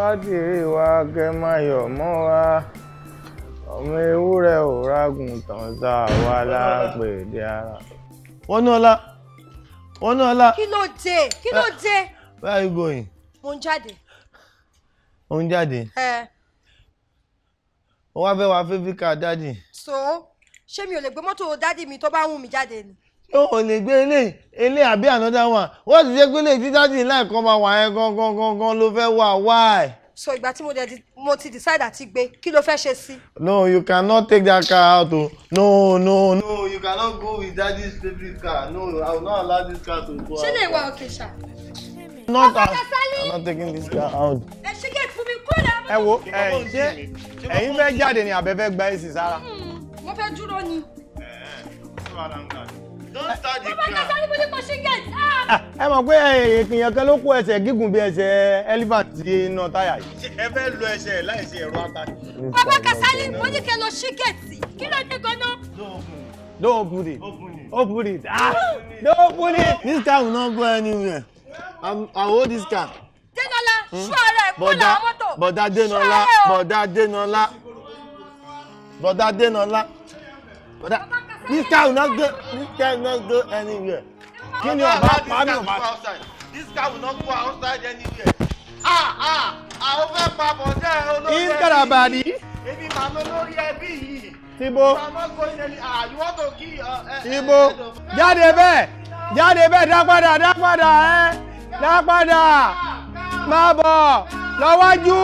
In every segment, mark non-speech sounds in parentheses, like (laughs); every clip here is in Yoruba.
bádìrí wa kẹ máa ọmọ ewúrẹ́ ò rágùn tàn sá wa lágbèdè ara. wọnú ọlá wọnú ọlá. kí ló dé kí ló eh, dé. where are you going. mo ń jáde. mo ń jáde. ẹ. mo wá fẹ́ wá fẹ́ ká dádì. so ṣé mi ò lè gbé mọ́tò dádì mi tó bá wù mí jáde ni ó ò lè gbé eléyìí eléyìí àbí another one wọ́n ti jẹ́ pé eléyìí títà dì láì kọ́ máa wà yẹn gangan gangan ló fẹ́ wà why. so ìgbà tí mo dẹ̀ mo ti decide àti gbé kí ló fẹ́ ṣe sí. no you cannot take that car out o no no no you cannot go with this favourite car no i will not allow this car to go out. ṣé lè wá òkè ṣá. not out i'm not taking this car out. ẹ ṣe gate fún mi kó lè. ẹ wo ẹ ṣe ẹ̀yin fẹ́ jáde ni àbẹ̀fẹ́ gba èsì sára. Hmm, mo fẹ́ dúró ni. ẹ ẹ sọ àdàǹgbà don't start the car. bàbá ìtàṣà níbo ni kò ṣe gẹ̀ tá. Ah! Ah, ẹ mọ̀ pé eh, èèyàn kan ló kó ẹsẹ̀ gígùn bí ẹsẹ̀ elephant sí iná táyà yìí. ẹ fẹ́ lo ẹsẹ̀ láìsí ẹ̀rọ àtàkì. bàbá Kasali mo ní kẹ́ lọ ṣí gẹ̀ẹ́tì kí ló dé gan-an. don't open it don't open it ah don't open it. this car will not go anywhere i hold this car. Denola hmm? ṣú ara ẹ̀ kó la mọ́tò. bọ̀dá Denola bọ̀dá Denola bọ̀dá Denola bọ̀dá. This guy will not go. This guy will not go anywhere. This guy will not go outside. This guy will not go outside anywhere. Ah ah! Àwọn fẹ́ pa bọ̀dẹ́ olórí ẹbí. Instead body. Ebi màmá olórí ẹbí yìí. Tibo. Màmá go ṣe ah you want to kill. Uh, eh, eh, Tibo. Eh, jáde bẹ́ẹ̀ jáde bẹ́ẹ̀ dá padà dá padà ẹ́ dá padà má bọ̀ lọ́wájú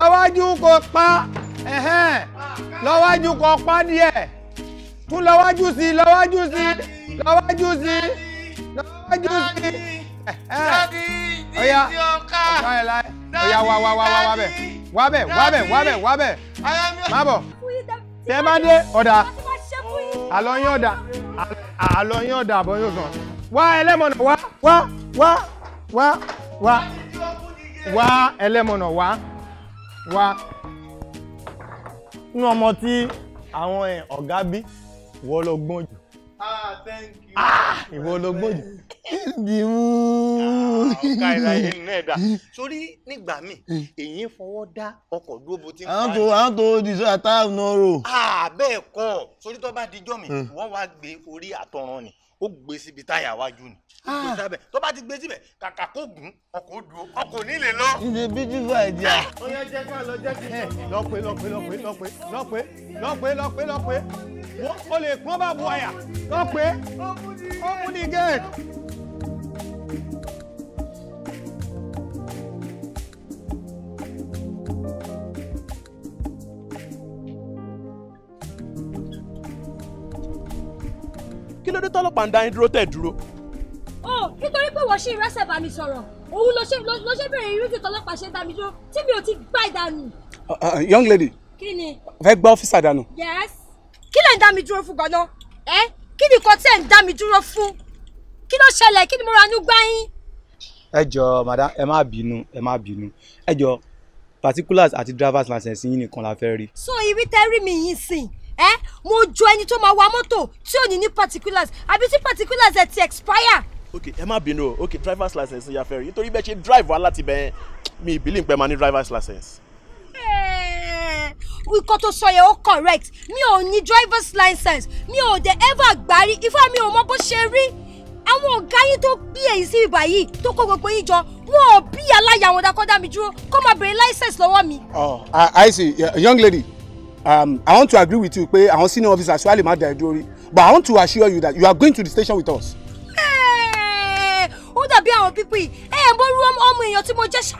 lọ́wájú kò pa lọ́wájú kò tún lọ́wájú sí lọ́wájú sí lọ́wájú sí lọ́wájú sí. ọ̀ya ọ̀ka ẹ̀ láì ọ̀ya wá wá wá wá bẹ̀ wá bẹ̀ wá bẹ̀ wá bẹ̀ wá bẹ̀ má bọ̀ tẹ́ bá dé ọ̀dà àlọ́ yín ọ̀dà àlọ́ yín ọ̀dà àbọ̀ yóò sàn wá ẹlẹ́mọ̀nà wá wá wá wá wá wá ẹlẹ́mọ̀nà wá wá nínú ọmọ tí àwọn ọ̀gá bí ìwọ ló gbọ́n jù. ah thank you. ah ìwọ ló gbọ́n jù. dìmú. Ah, ọ̀ka ìlà yìí náà dà (laughs) sórí nígbà míì èyí fọwọ́ dá ọkọ̀ dúró bó ti ń fa. àwọn tó àwọn tó di sọ àtàwọn náà ah bẹ́ẹ̀ kọ́ sórí tó bá dijọ́ mi hmm. wọ́n wá gbé orí àtọ̀ràn ni ó gbé síbi táyà wájú ni ah. gbé sábẹ tó bá ti gbé síbẹ̀ kàkà kó gùn ọkọ̀ dúró ọkọ̀ nílé lọ. ìdè bíjú bá ẹ jà. ọyọ jẹ ká lọ jẹ kí. lọpẹ lọpẹ lọpẹ lọpẹ lọpẹ lọpẹ lọpẹ lọpẹ o lè pọn bá bu àyà lọpẹ ó mú ní gẹẹti. kí ló dé tọ́lọ́pàá ń dá yín dúró tẹ̀ dúró. ó nítorí pé wọ́n ṣe ìrẹsẹ̀ bá mi sọ̀rọ̀ òun ló ṣe ló ṣe bèrè irú tí tọ́lọ́pàá ṣe dá mi dúró tí mi ò ti gbá ìdánù. Uh, uh, young lady. kí ni. fẹ́ gbọ́ ọ́fíìsà dànù. yes kí lè ń dá mi dúró fún gan-an ẹ kí ni nǹkan tí ẹ̀ ń dá mi dúró fún kí ló ṣẹlẹ̀ kí ni mo ranú gbá yín. ẹ jọ madam ẹ má bínú ẹ má bínú ẹ jọ drivers license yín nìkan la fẹ́ so ìwé tẹ́ rí mi yín ẹ eh? mo jọ ẹni tó máa wa mọ́tò tí ò ní ní particulars àbí tí particulars ẹ ti expire. ok ẹ má bínú o ok driver's license ya fẹ́ rí nítorí bẹ́ẹ̀ ṣe drive wa láti bẹ́ẹ̀ mi ìbílẹ̀ ń pẹ́ máa ní driver's license. Ikọ̀ eh, tó sọ yẹn ó correct mi ò ní driver's license mi ò dé ever gbárí ifá mi ò mọ bó ṣe rí àwọn ọ̀gá yín tó bí èyí sí ibà yìí tó kó gbogbo yín jọ wọn ò bí aláya àwọn dákọ́dá mi dúró kó máa béèrè license lọ́wọ́ mi. ọ oh, i see young lady um, I want to agree with you pé àwọn senior officers wà lè má da ẹ̀dúró rí but I want to assure you that you are going to the station with us. Eh, ó dàbí àwọn pípì ẹ eh, ẹ mo rú ọmọ èèyàn tí mo jẹ́ ṣá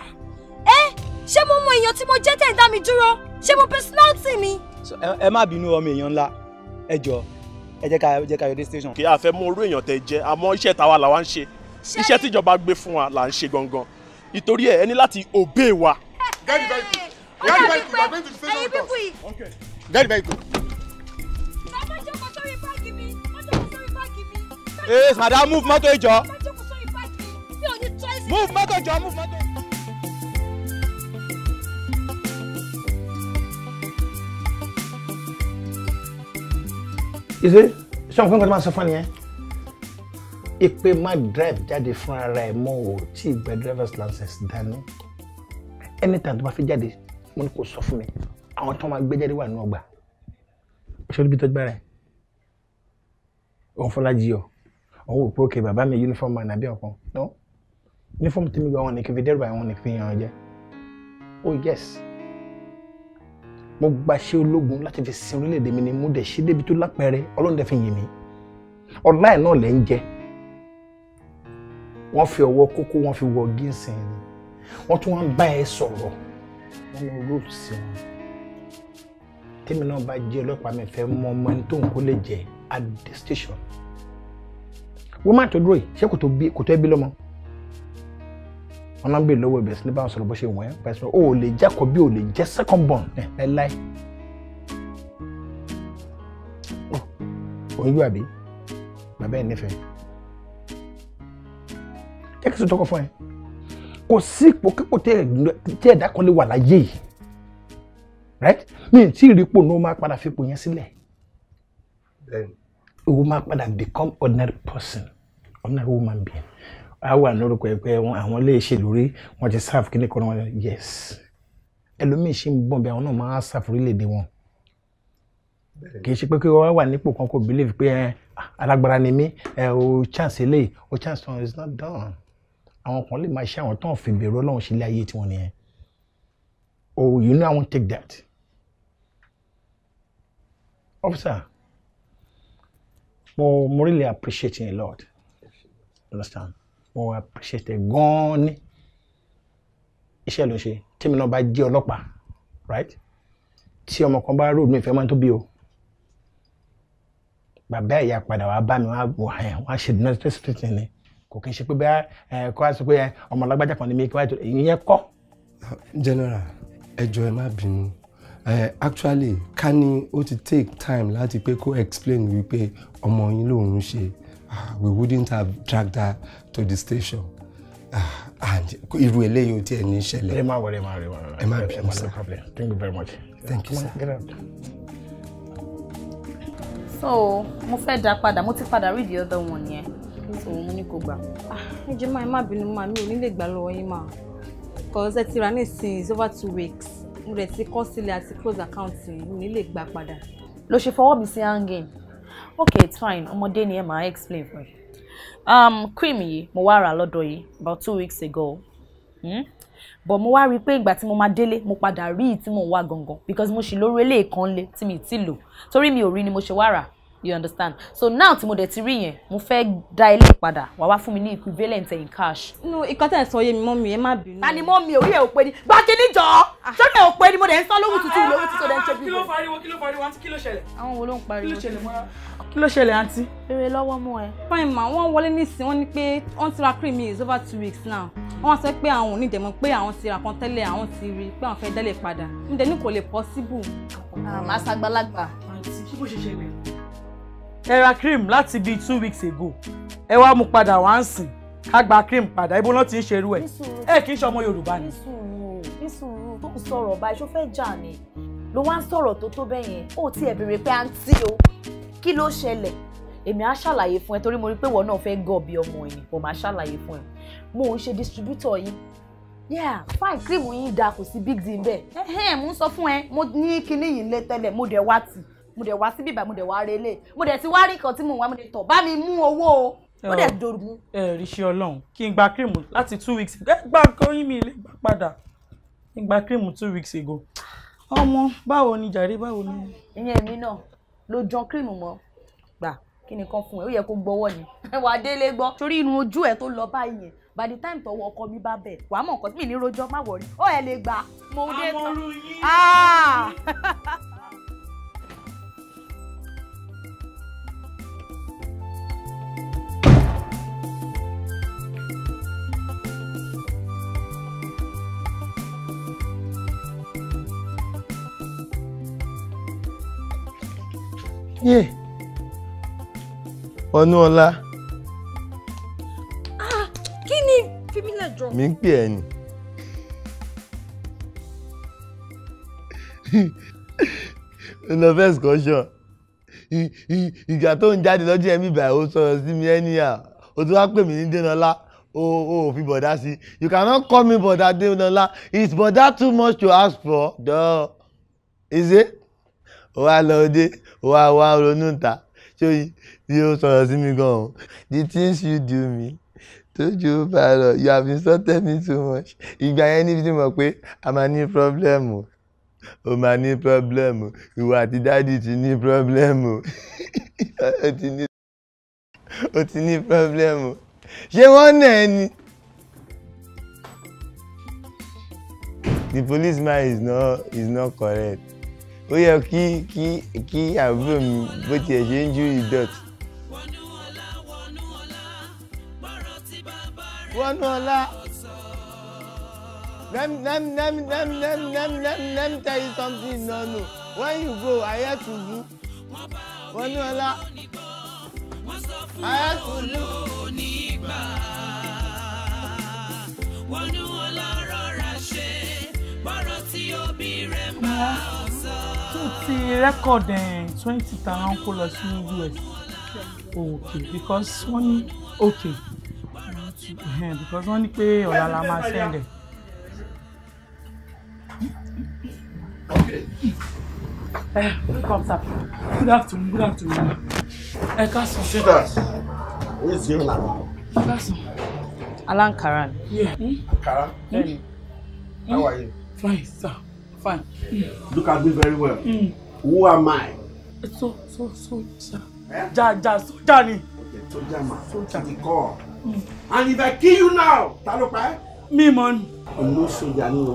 ẹ eh, ṣé mo mọ èèyàn tí mo jẹ́ tẹ̀ ń dá mi dúró ṣé mo personality mi. ẹ má bínú ọmọ èèyàn ńlá ẹ jọ ẹ jẹ́ ká ẹ jẹ́ ká yọdé station. kí a fẹ́ mọ orú èèyàn tẹ jẹ́ àmọ́ iṣẹ́ tàwa làwa ń ṣe iṣẹ́ tíjọba gbé fún wa là ń ṣe gangan ìtorí ẹ ẹni láti obey wa. very very Get the vehicle. You are going to the station with us. Okay. Get the vehicle. Yes, madam, move mọ́tò ìjọ. Move mọ́tò ìjọ, move mọ́tò. Ìṣe ṣé òun fún nǹkan tó máa sọ fún ni yẹn? Ìpè máa drive jáde fúnra rẹ̀ mọ́ ò tí ì gba driver's license dání. Anytime tó bá fi jáde mo ní kò sọ fún mi àwọn tó máa gbé jáde wà nínú ọgbà ṣọlí bí tọ́jú bá rẹ̀ òun fọlá jí ọ òun wò pé òkè bàbá mi yunifọ́ọ̀mù ànàbí ọ̀kan no yunifọ́ọ̀mù tí mi gbà wọn ní kí fi dẹ́rù àwọn ní kí fi yan jẹ oh yes mo gbaṣẹ́ ológun láti fi sin orílẹ̀-èdè mi ni mo dẹ̀ ṣe débi tó lápẹẹrẹ ọlọ́run dẹ̀ fi yìn mí ọ̀la ẹ̀ náà lẹ́ ń jẹ wọ́n fi ọwọ́ kókó wọ́n fi wọ gínsìn wọ́n tún wá ń bá ẹ sọ̀rọ̀ wọ́n mú rúùtù sí wọn tèmi náà bá jẹ́ ọlọ́pàá mi fẹ́ mọ ọmọ ẹni tó ń kó lè jẹ́ at the station wọ́n máa tó dúró yìí ṣé kò tó ẹbí lọ́mọ wọn náà ń bèèrè lọ́wọ́ ìbẹ̀sí ní báwọn sọ̀rọ̀ bó ṣe wọ̀nyẹn pẹ̀sì ó lè jẹ́ àkọ́bí ó lè jẹ́ second born ẹ̀ láíláí oh, òun yóò àbí bàbá ẹ̀ nífẹ̀ẹ́ jẹ́ kí n sọ tọkọ fún ẹ kò sí ipòkípò tí ẹ̀dá kan lè wà láyé yìí right mi ì tí ì rí ipò náà máa padà fipò yẹn sílẹ̀ ìwọ máa padà become ordinary person ordinary woman being a wà lórúkọ ẹgbẹ́ àwọn ilé ìṣèlú rí wọ́n ti serve kí ni kọ́ wọn yes ẹlòmíì ṣì ń bọ̀ bí àwọn náà máa serve orílẹ̀-èdè wọn kì í ṣe pé kí wọ́n wà nípò kan kò believe pé ah, alágbára ni mí o chance eléyìí o chance one is not done àwọn kan lè máa ṣe àwọn tó ń fi bẹ̀rù ọlọ́run ṣe ilé ayé tiwọn nìyẹn oh you know I won't take that officer mo mo really appreciate you a lot understand mo appreciate ẹ gan-an ni iṣẹ́ ló ń ṣe tèmi náà bá jẹ́ ọlọ́pàá right tí ọmọ kan bá road mi ìfẹ́ máa ń tó bí o bàbá ìyá padà wàá bá mi wàá wàá ṣe the necessary thing ni kò kí n ṣe pé bẹ́ẹ̀ ẹ kó a sọ pé ẹ kan ní mi kí wáyé tó èyí kọ́. general ẹ ẹ má bínú actually ká ní ó ti take time láti pé kó explain wípé ọmọ yín lòun ṣe ah, we wouldn't have dragged her to the station ah, irú eléyìí ò tiẹ̀ ní ìṣẹ̀lẹ̀. ẹ má wọlé ẹ má wọlé ẹ má bínú sir thank you very much. thank you sir. so mo fẹ́ dá padà mo ti padà read the other one yẹn. Yeah so mo kò gbà ah, ẹ jẹ́ máa ẹ má bínú máa mi ò ní lè gbà lọ́wọ́ yín máa cause ẹ ti ra nísìnyí it's over two weeks mo rẹ̀ ti kọ́ sílẹ̀ àti close account yìí ò ní lè gbà padà. ló ṣe fọwọ́ mi sí hanging okay it's fine ọmọdé ni ẹ máa explain for you. um, cream yìí mo wá rà lọ́dọ̀ yìí about two weeks ago. Hmm? but mo wá rí i pé ìgbà tí mo máa délé mo padà rí i tí mo wá gangan because mo ṣì lórí eléyìí kan lé tí mi ì lò torí mi ò rí ni mo ṣe wá rà you understand so now tí mo dẹ̀ ti rí yẹn mo fẹ́ dá ilé padà wàá wá fún mi ní equivalent in cash. nu ìkan tẹ̀ sọ yé mi mọ́mì ẹ má bínú. ta ni mọ́mì orí ẹ̀ ò pé ni gbàgì níjọ sọ́nà ò pé ni mo dẹ̀ ń sọ lówù tuntun lówù tuntun dẹ̀ ń ṣe bí. kí ló pariwo kí ló pariwo àǹtí kí ló ṣẹlẹ̀. àwọn wo ló ń pariwo kí ló ṣẹlẹ̀ mọ́ra kí ló ṣẹlẹ̀ àǹtí. eré lọ́wọ́ mú ẹ. fine ma wọ́n wọlé nísìn wọ́n ní pé wọ́n ti ra cream is over two weeks now wọ́n sọ pé àwọn ò ní dẹ̀mọ́ pé àwọn ti rà kan tẹ́lẹ̀ àwọn ti rí pé àwọn fẹ́ dẹ́lẹ̀ padà ń dẹ̀ ní kò lè possible. Ah, àmọ́ àṣàgbàlagbà. àǹtí ṣé bó ṣe ṣẹlẹ̀ ẹ ra cream láti bíi two weeks ago ẹ wá mú padà wá ń sìn ká gba cream padà ibo náà ti ń ṣerú ẹ ẹ kì í ṣọmọ yorùbá ni. ní sùúrù ní sùúrù tó ń sọ̀rọ̀ ọba iṣó fẹ́ jà ni ló wá ń sọ̀rọ̀ tó tó bẹ́ẹ̀ yẹn ó tiẹ̀ béèrè pé àǹtí o kí ló ṣẹlẹ̀ èmi á ṣàlàyé fún ẹ torí mo rí pé wọn náà fẹ́ gọ̀ọ̀bì ọmọ yìí mo máa ṣàlàyé fún ẹ mo ń ṣe distributor yín yeah fine cream yín da kò sí big deal bẹ́ẹ̀ mo ń sọ fún ẹ mo ní kinní yìí lé tẹ́lẹ̀ mo dẹ̀ wá tì í mo dẹ̀ wá síbí báyìí mo dẹ̀ wá relé mo dẹ̀ ti wá rí nǹkan tí mo wá mo dẹ̀ tọ̀ bá mi mú owó o ó dẹ̀ dòrú. ẹ rí iṣẹ́ ọlọ́run kí n gba kírìmù láti two weeks ago gba kóyún mi ilé gbà padà kí n gba kírìmù two weeks ago ọmọ báwo ni jàre báwo ni. ìyẹn mi náà ló jan kírìmù mọ́ gbà kí ni kan fún ẹ ó yẹ kó gbọ́wọ́ ni (laughs) wà á délé gbọ́ torí inú ojú ẹ tó lọ báyìí yẹn by the time tọwọ́ ọkọ mi bá bẹ̀ wàá mọ̀ nǹkan tí mi ní rojọ́ má wọrí ó ẹ lè gbà mo dé tán. àmọ́ oru yín. Ah! (laughs) Yeah, onuola. ah kini ni fímílẹ̀ jọ. mi ń pè ẹ́ ni. lọ fẹ́ sọ́sọ́ ìgbà tó ń jáde lọ́jọ́ ẹ̀mí ìbà ò sọ̀rọ̀ sí mi anyhow o tún wá pè mí ní dénọlá o ò fi bọ̀dá sí you cannot call me bọ̀dá dénọlá is bọ̀dá too much to ask for duh is it wá lọ dé wá wá ronú ta ṣé bí ó sọ̀rọ̀ sí mi gan-an the things you do me tójú bá lọ you have insulted me too much ìgbà yẹn níbi tí mo pé a máa ní problem o o máa ní problem o ìwà àti dáàdì ti ní problem o (laughs) o ti ní problem o ṣé wọ́n nà ẹ́ ni. the policeman is not is not correct ó yẹ kí kí kí àbúrò mi bó tiẹ̀ ṣe ń júrì dot. wọnú ọlá let me let me let me let me let me let me let me let me tell you something nanu when you go ayé tubu wọnú ọlá ayé tubu. wọnú ọlá rọra ṣe bọ́rọ̀ tí òbí rẹ̀ máa ti record eh, twenty tàwọn kó lọ sí US okay because wọ́n ní okay because wọ́n ní pé ọ̀la la máa send eh, Good afternoon, good afternoon. Ẹ káàsán. Alan Karan. Yeah. Hmm? Karan? Hmm? How are you? Fine, sir fine. Mm. Look at me very well. Mm. Who am I? So so soldier. Eh? Ja ja soldier ni. Okay, so man. Soldier. To the hmm. And if I kill you now, ta ló pa ẹ́? Mi mọ̀ ni. Ìlú soldier ni o.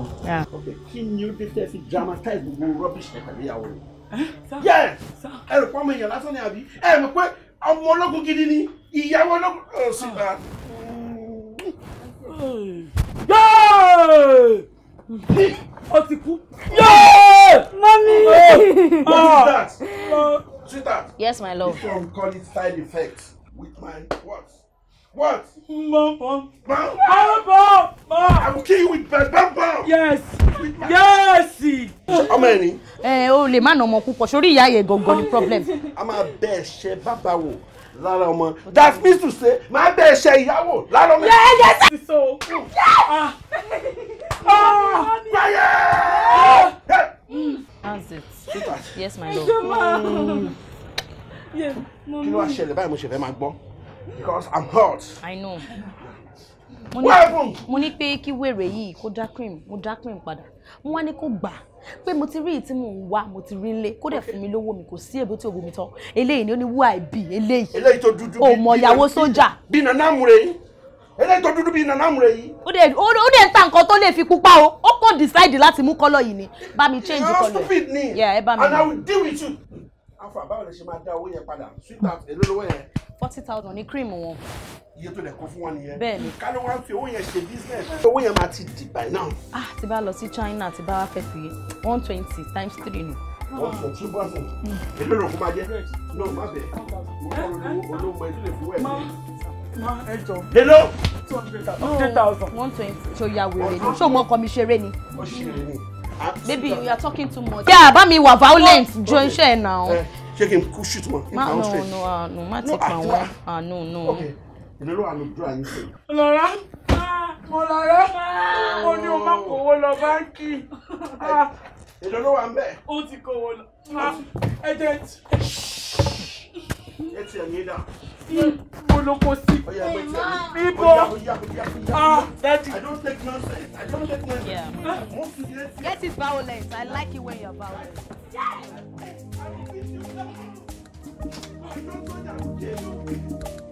Okay, kí ni ó dé tẹ́ fi dramatize gbogbo rubbish ẹ̀ pẹ̀lú ìyàwó rẹ̀? Yes! Ẹ rò pé ọmọ èèyàn lásán ni àbí? Ẹ rò pé ọmọ ológun gidi ni ìyàwó ológun. Oh, ah. Yóò! ó ti kú. mami. Ah. sweetheart. yes my love. if you call it side effects with my what. What? Bam bam. Bam bam. Bam I will kill you with bam bam bam. Yes. With my... Yes. Ọmọ ẹni. Ẹ eh, o lè má nà ọmọ púpọ̀ sórí ìyá yẹn gangan ni problem. A máa bẹ ẹ̀ṣẹ̀ bàbá wò lára ọmọ that means to say máa bẹ ẹsẹ ìyàwó lára ọmọ. yẹ ẹjẹ sẹ. so báyẹ. that's ah. ah. ah. it yes my love. Mm. kí ló wá ṣẹlẹ̀ báyìí mo ṣe fẹ́ máa gbọ́ because i'm hot. i know mo ní pé kí wèrè yìí kó dá cream mo dá cream padà mo wá ní kó gbà pé mo ti rí èyí tí mò ń wá mo ti rí ń lé kó dẹ̀ fún mi lówó mi kò sí èbó tí òbò mi tán eléyìí ni ó ní wú àìbí eléyìí eléyìí tó dúdú bíi ọmọ ìyàwó sójà bíi nàná àmúre yìí eléyìí tó dúdú bíi nàná àmúre yìí. ó dẹ̀ ó dẹ̀ ń ta nǹkan tó lè fi pupa o ó kò decide láti mú kọ́lọ̀ yìí ni bá mi change kọ́lọ̀ yìí. you are stupid ni and I will deal with you afa báwo lè ṣe máa dá owó yẹn padà forty thousand ní cream wọn iye tó lẹ̀ kó fún wọn nìyẹn. bẹ́ẹ̀ni ká wá fi owó yẹn ṣe business. owó yẹn máa ti dì by now. ah ti bá lọ sí China ti bá wá fẹ́ fi one twenty times three ni. one twenty two percent èlò ló kó máa jẹ náà má bẹ̀ olóògbé Ma, fún wẹ̀ Hello. two hundred thousand. Oh, one twenty ṣòyà wèrè ni ṣó mọ ọkọ mi ṣeré ni. ni. baby you are talking too much. yà bá mi wà violent ju iṣẹ́ ẹ̀ náà. ṣé kí n kú shoot wọn. no no ah, no ma take ah, my wife ah no no èmi ló wà ní ojú àyín sí. lọ́ra mo lọ́ra mo ní o má kówó lọ báńkì. Ah. èlò ló wà ń bẹ̀. ti kówó lọ agent. Ah. etí ẹ̀ ní dà. mo ló kó sí. bíbọ ah, daddy. I don't take nonsense. I don't take nonsense. Get it violent. I like it when you're violent. Yeah. I don't know that.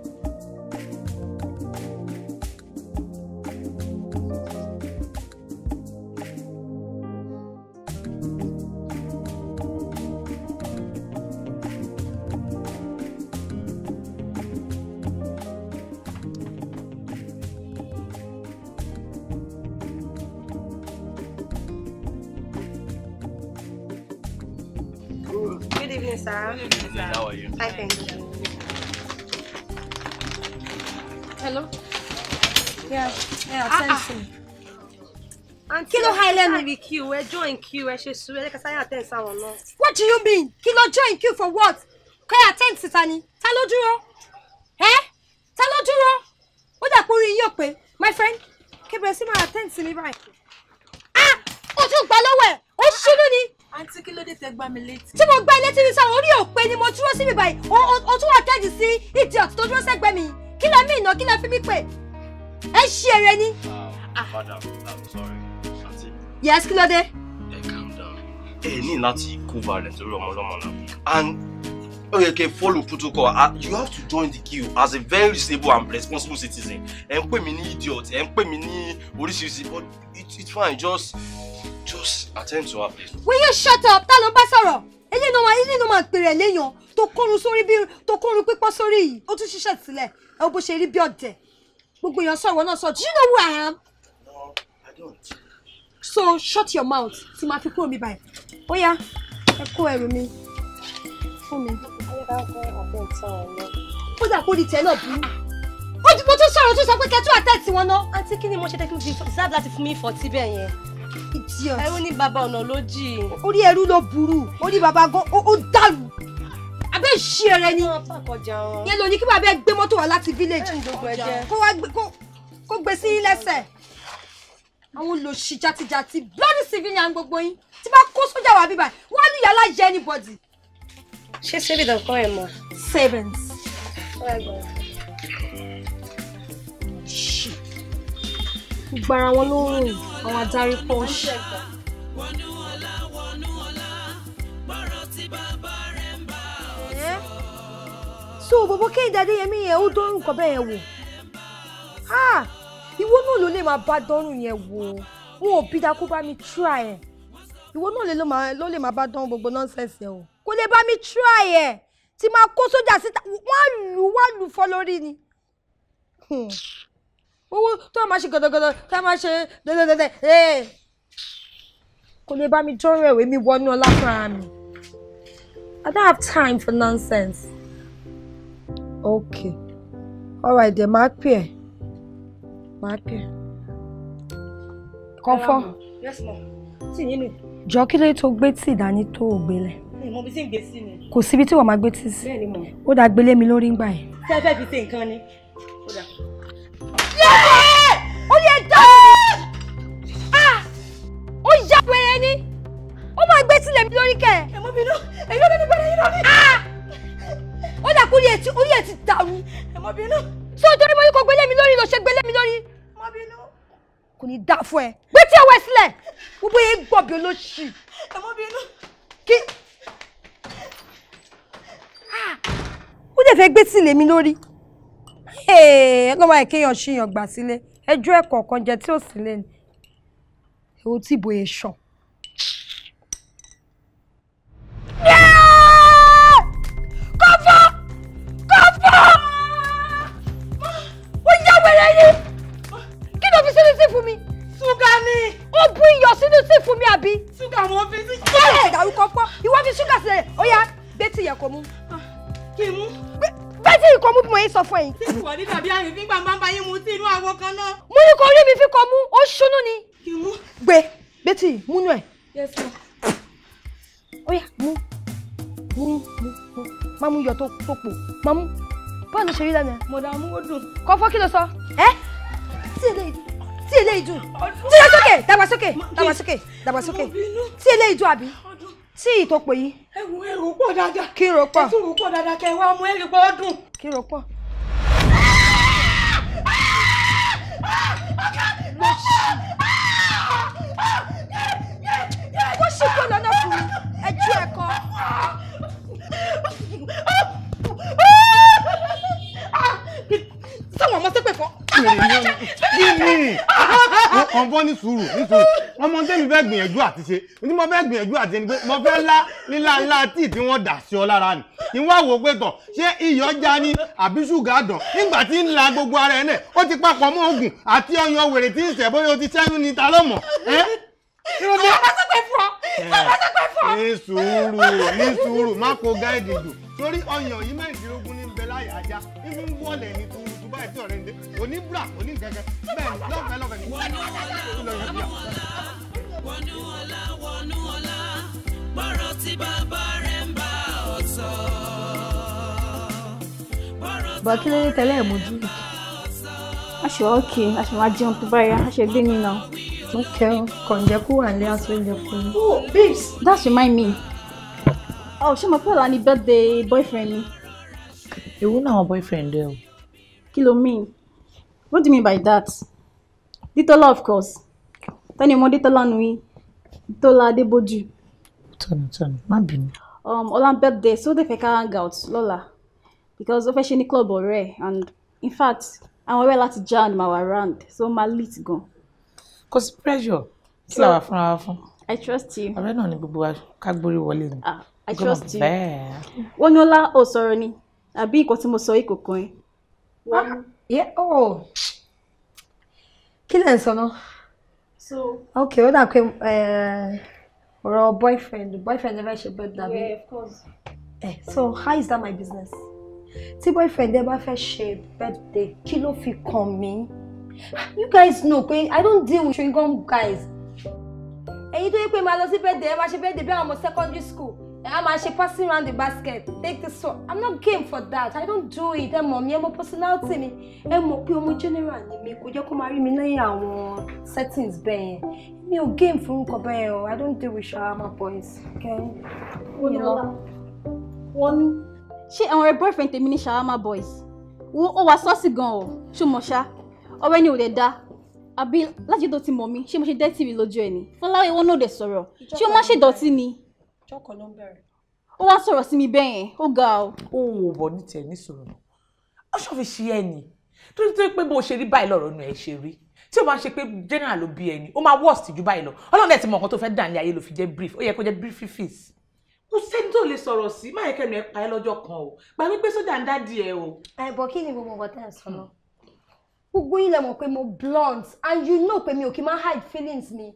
evening, sir. Good evening, sir. How are you? Hi, thank you. Hello? Yeah, yeah, thank ah, you. Ah. Kí ló há ẹlẹ́nu queue ẹ join queue ẹ ṣe sùúrù ẹ What do you mean? Kí join queue for what? Kọ́ ẹ attend síta ni, ta ló dúró? Ẹ́ ta ló dúró? Ó my friend, kébẹ̀rẹ̀ sí máa attend sí mi Ah! Oh, tún gbà lọ́wọ́ ẹ̀, ó ṣínú ni àǹtí kí ló dé tẹ gbá mi létí. tí mo gbá létí ní sáré orí òpè ni mo dúró síbi báyìí o tún wà kẹ́jì sí ìdí ọ̀tún tó dúró sẹ́gbẹ́ mi kí lẹ mí ìná kí lẹ fi mí pè ẹ ṣí eré ni. Ah, ah, madam i'm sorry àǹtí. yes kí ló dé. ẹ calm down ẹ ní láti kú balẹ̀ torí ọmọ náà and okay okay follow protocol uh, ah, you have to join the queue as a very stable and responsible citizen ẹ ń pè mí ní idiot ẹ ń pè mí ní oríṣiríṣi but it's fine just Just attend to her, please. Will you shut up? Ta ló ń bá sọ̀rọ̀? Eléyìí náà máa eléyìí náà máa pèrè léèyàn tó kọ́run sórí bí tó kọ́run pípọ́ sórí yìí. Ó tún ṣiṣẹ́ sílẹ̀. Ẹ wo bó ṣe rí bí ọ̀dẹ̀. Gbogbo èèyàn sọ̀rọ̀ do you know who I am? No, I don't. So shut your mouth tí màá fi kúrò mi báyìí. Ó yá, ẹ kó ẹrù mi fún mi. Ó dà kó di tẹ́ náà burú ó ti mo tún sọ̀rọ̀ tún sọ pé kẹ́tù àtẹ̀tì wọn náà. àǹtí kí ni mo ṣe tẹ́kí fi sáàbù láti fún mi fọ́ tíbẹ̀ yẹn idiot. ẹ wọ́n ní bàbá ọ̀nà ló jì. orí ẹrú ló burú orí bàbá gan ó dàrú abẹ́ ìṣí ẹrẹ ni yẹn ló ní kí bàbá ẹ gbé mọ́tò wá láti village kó wá gbé kó gbé sí lẹ́sẹ̀ àwọn olòṣì jatijati bloody civilian gbogbo yín tí bá kó sójà wà bíbá wọn ní yàrá yẹ anybody. ṣé savings ọkọ ẹ mọ. savings. ṣé gbogbo ara wọn ló ń rìn àwọn adarí pọ́ńṣì. so bọ̀bọ̀ kéde adéyẹmí yẹn ó dọ́rùn nǹkan bẹ́ẹ̀ yẹn wò ìwọ náà ló lè máa bá dọ́rùn yẹn wò wọn ò bí da kó bá mi try ẹ̀ ìwọ náà ló lè máa bá dán gbogbo nọ́ńsẹ̀sì ẹ̀ o kò lè bá mi try ẹ̀ tí máa kó sójà síta wọ́n á lù wọ́n á lù fọ́ lórí ni. Hmm owó tó máa ṣe gọdọgọdọ tá a máa ṣe dẹdẹdẹdẹ ee eh. kò lè mi dọ́rọ̀ ẹ̀wé mi wọnú ọlá fúnra mi I don't have time for nonsense. Okay alright dẹ̀ máa pè ẹ́ máa pè ẹ́ kọ́fọ́ jọ kí ló tó gbé tí ìdání tó ò gbélé kò síbi tí wọ́n máa gbé tí sí ó dá gbélé mi lórí ń gbà yẹn. tẹ́ fẹ́ fi ṣe nǹkan ni. lórí kẹ. ẹ mọ bínú ẹyọ lẹni bẹ̀rẹ̀ yín lórí. Ah! ó dà kó orí ẹ ti orí ẹ ti dàrú. ẹ mọ bínú. sọ torí mo ní kò gbélé mi lórí lọ ṣe gbélé mi lórí. mọ bínú. kò ní dà fún ẹ gbé tí ọwọ́ ẹ sílẹ̀ gbogbo yẹn gbọ́ bí olóṣì. ẹ mọ bínú. kí. Ah! ó dẹ̀ fẹ́ gbé sílẹ̀ mi lórí. ẹ lọ́wọ́ ẹ̀ kéèyàn ṣìyàn gbà sílé ẹjọ́ ẹ̀kọ̀ọ̀kan jẹ tí ò sílé ni èwo tí ìbò yẹn ṣàn. wèrè you kí ló fi sínú sí fún mi. ṣúgà ni. ó bu iyọ̀ sínú sí fún mi àbí. ṣúgà mo fi sí. bẹ́ẹ̀ ìdàrúkọ fọ́ ìwọ fi ṣúgà you ó yá bẹ́tì yẹ kò mú. Ah, kí you come bẹ́tì yìí you come bí mo yín sọ fún ẹ̀yin. ṣé ìwọ ní dàbí àyè nígbà máa ń bá yín mu sí inú àwo kan náà. mo ní kò rí mi fi kọ mú ó ṣúnú ni. kí n mú. gbé bẹ́tì múnú ẹ̀. yes ma. ó yá mú mú mú mú má mú iyọ̀ tó tó pọ̀ má mú bọ́ọ̀nù ṣe rí lẹ́nu. mọ̀dàmú ó dùn. kọ́ fọ́ kí ló sọ. ẹ tí eléyìí tí eléyìí dùn tí eléyìí sókè dàgbà sókè dàgbà sókè dàgbà sókè tí eléyìí dùn àbí tí ìtòpò yìí. ẹ wo èrò pọ̀ dáadáa. kí ro pọ̀ kí ro pọ̀ dáadáa kẹ wá mú èrò pọ̀ dùn. kí ro pọ̀. kó táwọn ọmọ sépè fún. kíni ọ̀nbọ́n ní sùúrù ní sùúrù ọmọ tẹ́mi fẹ́ gbìyànjú àti ṣe ní mo fẹ́ gbìyànjú àti ṣe mo fẹ́ lá lílá ńlá tíì tí wọ́n dà sí ọ lára nì ní wá wò pé tọ̀ ṣé iyọ̀ já ní àbí ṣúgà dàn nígbà tí ń la gbogbo ara ẹ̀ náà ó ti papọ̀ mọ́ oògùn àti ọyàn wèrè tí ń ṣẹ̀ bóyá o ti ṣẹ́yún ni ta ló mọ̀ ẹ́ ọyàn yìí mẹ́rìndínlógún ní bẹ láyà ajá ní wọlé ní kúrú bá ẹbí ọ̀rẹ́ nílé òní búra òní gẹ́gẹ́ bẹ́ẹ̀ lọ́fẹ̀ẹ́ lọ́fẹ̀ẹ́ ni. wọnú ọlá wọnú ọlá wọnú ọlá bọ́rọ̀ tí bàbá rẹ̀ ń bá ọ sọ. bọ̀ kí ló dé tẹ́lẹ̀ ìmójú yìí. a ṣe ọ́kì a ṣe máa jẹun tó báyà a ṣe dé nínú. mo kẹrun kọ̀ǹjẹ́ kó wà ní aṣọ oúnjẹ fún mi. oh babes That remind me. ọ̀ oh, ṣé mo pẹ́ ọ̀la ni birthday boyfriend mi. èwo náà àwọn boyfriend ẹ o kí mean what do you mean by that Detola of course tani mo Detola nu yín Detola Adébójú. tani tani má bin. um ọlá birthday so dey fẹ́ ká hang out Lola, because ó fẹ́ ṣe ní club ọ̀rẹ́ and in fact àwọn ọ̀rẹ́ láti jan ma wà round so ma lit gan. Cause pressure kí làwa fúnra wa fún. I trust you. ọ̀rẹ́ náà ni gbogbo wa ká gbórí wọlé ni. ah I trust you. wọ́n ní ọlá ò oh, sọ̀rọ̀ ni àbí nǹkan tí mo sọ yìí kò kan ẹ́. One. Ah, yeah. Oh. Killing lẹ̀ ń sọ náà? So. Okay, ó dà pé ọ̀rọ̀ boyfriend boyfriend never ṣe bẹ́ẹ̀ dàbí. Yeah, of course. Eh, so how is that my business? See, boyfriend never bá fẹ́ ṣe birthday, kí ló fi kàn You guys know I don't deal with chewing gum guys. Èyí you yẹ pé máa my sí birthday ẹ máa ṣe birthday bí àwọn ọmọ secondary school. I'm actually passing around the basket. Take this one. I'm not game for that. I don't do it. Ẹ mọ̀ mi, ẹ mọ̀ personality mi. I'm mọ̀ pé ọmọ general ni mi. Kò jẹ́ kó máa rí mi settings Ben, I'm Mi game for nǹkan Ben. I don't deal with shawarma boys. Wọnú. Ṣé àwọn ọ̀rẹ́ boyfriend tèmi ní shawarma boys? Wo ó wá sọ́ọ̀sì gan o. Ṣé mo ṣá? Ọ̀rẹ́ ni ò lè dá. Àbí láti tó ti mọ̀ mi, ṣé mo ṣe dẹ́tì mi lójú ẹ̀ ni? Fọláwé wọn náà dẹ̀ sọ̀rọ̀. Ṣé o má jọ́kọ̀ ló ń bẹ̀rẹ̀. ó wá sọ̀rọ̀ sí mi bẹ́ẹ̀ yẹn ó ga o. ó wò bọ̀ ní tiẹ̀ ní sọ̀rọ̀ náà ó ṣọ́fi ṣí ẹ ni tó ní tó pé bó ṣe rí báyìí lọ́rọ̀ nù ẹ ṣe rí tí o máa ṣe pé general ló bí ẹni ó máa worst ju báyìí lọ ọlọ́run ẹ̀ ti mọ nǹkan tó fẹ́ dà ní ayé ló fi jẹ́ brief ó yẹ kó jẹ́ brief fífìs kò sẹ́ni tó lè sọ̀rọ̀ sí má yẹ kẹ́nu ẹ pa ẹ́ lọ́jọ́ kan o gba wípé sójà ń dádì ẹ o. àìbọ̀ kí ni gbogbo ọ̀tá ẹ̀ sọ̀rọ̀ gbogbo yín mọ̀ pé mo blunt and you know pé mi ò kí máa hide feelings mi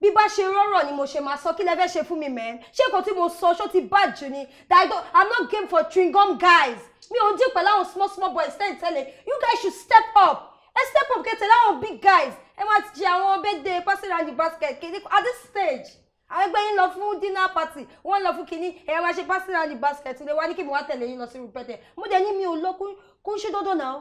bí bá ṣe rọrọ ni mo ṣe máa sọ kí lẹ fẹ́ ṣe fún mi mẹ́ẹ́ ṣé nǹkan tí mo sọ ṣó ti bá jù ni that i don't i'm not game for chewing gum guys mi ò dín pẹ̀lú small small boys tẹ́ ẹ̀ tẹ́lẹ̀ you guys should step up ẹ step up kẹtẹ láwọn big guys ẹ máa ti jẹ àwọn birthday passing round the basket kìíní at this stage àwọn ẹgbẹ́ yín lọ fún dinner party wọ́n lọ fún kìíní ẹ̀yà máa ṣe passing round the basket ilé wa ní kí mi wá tẹ̀lé yín lọ sí rúpẹ́tẹ̀ mo dẹ̀ ní mi ò lọ kún ṣé dọ́dọ̀ náà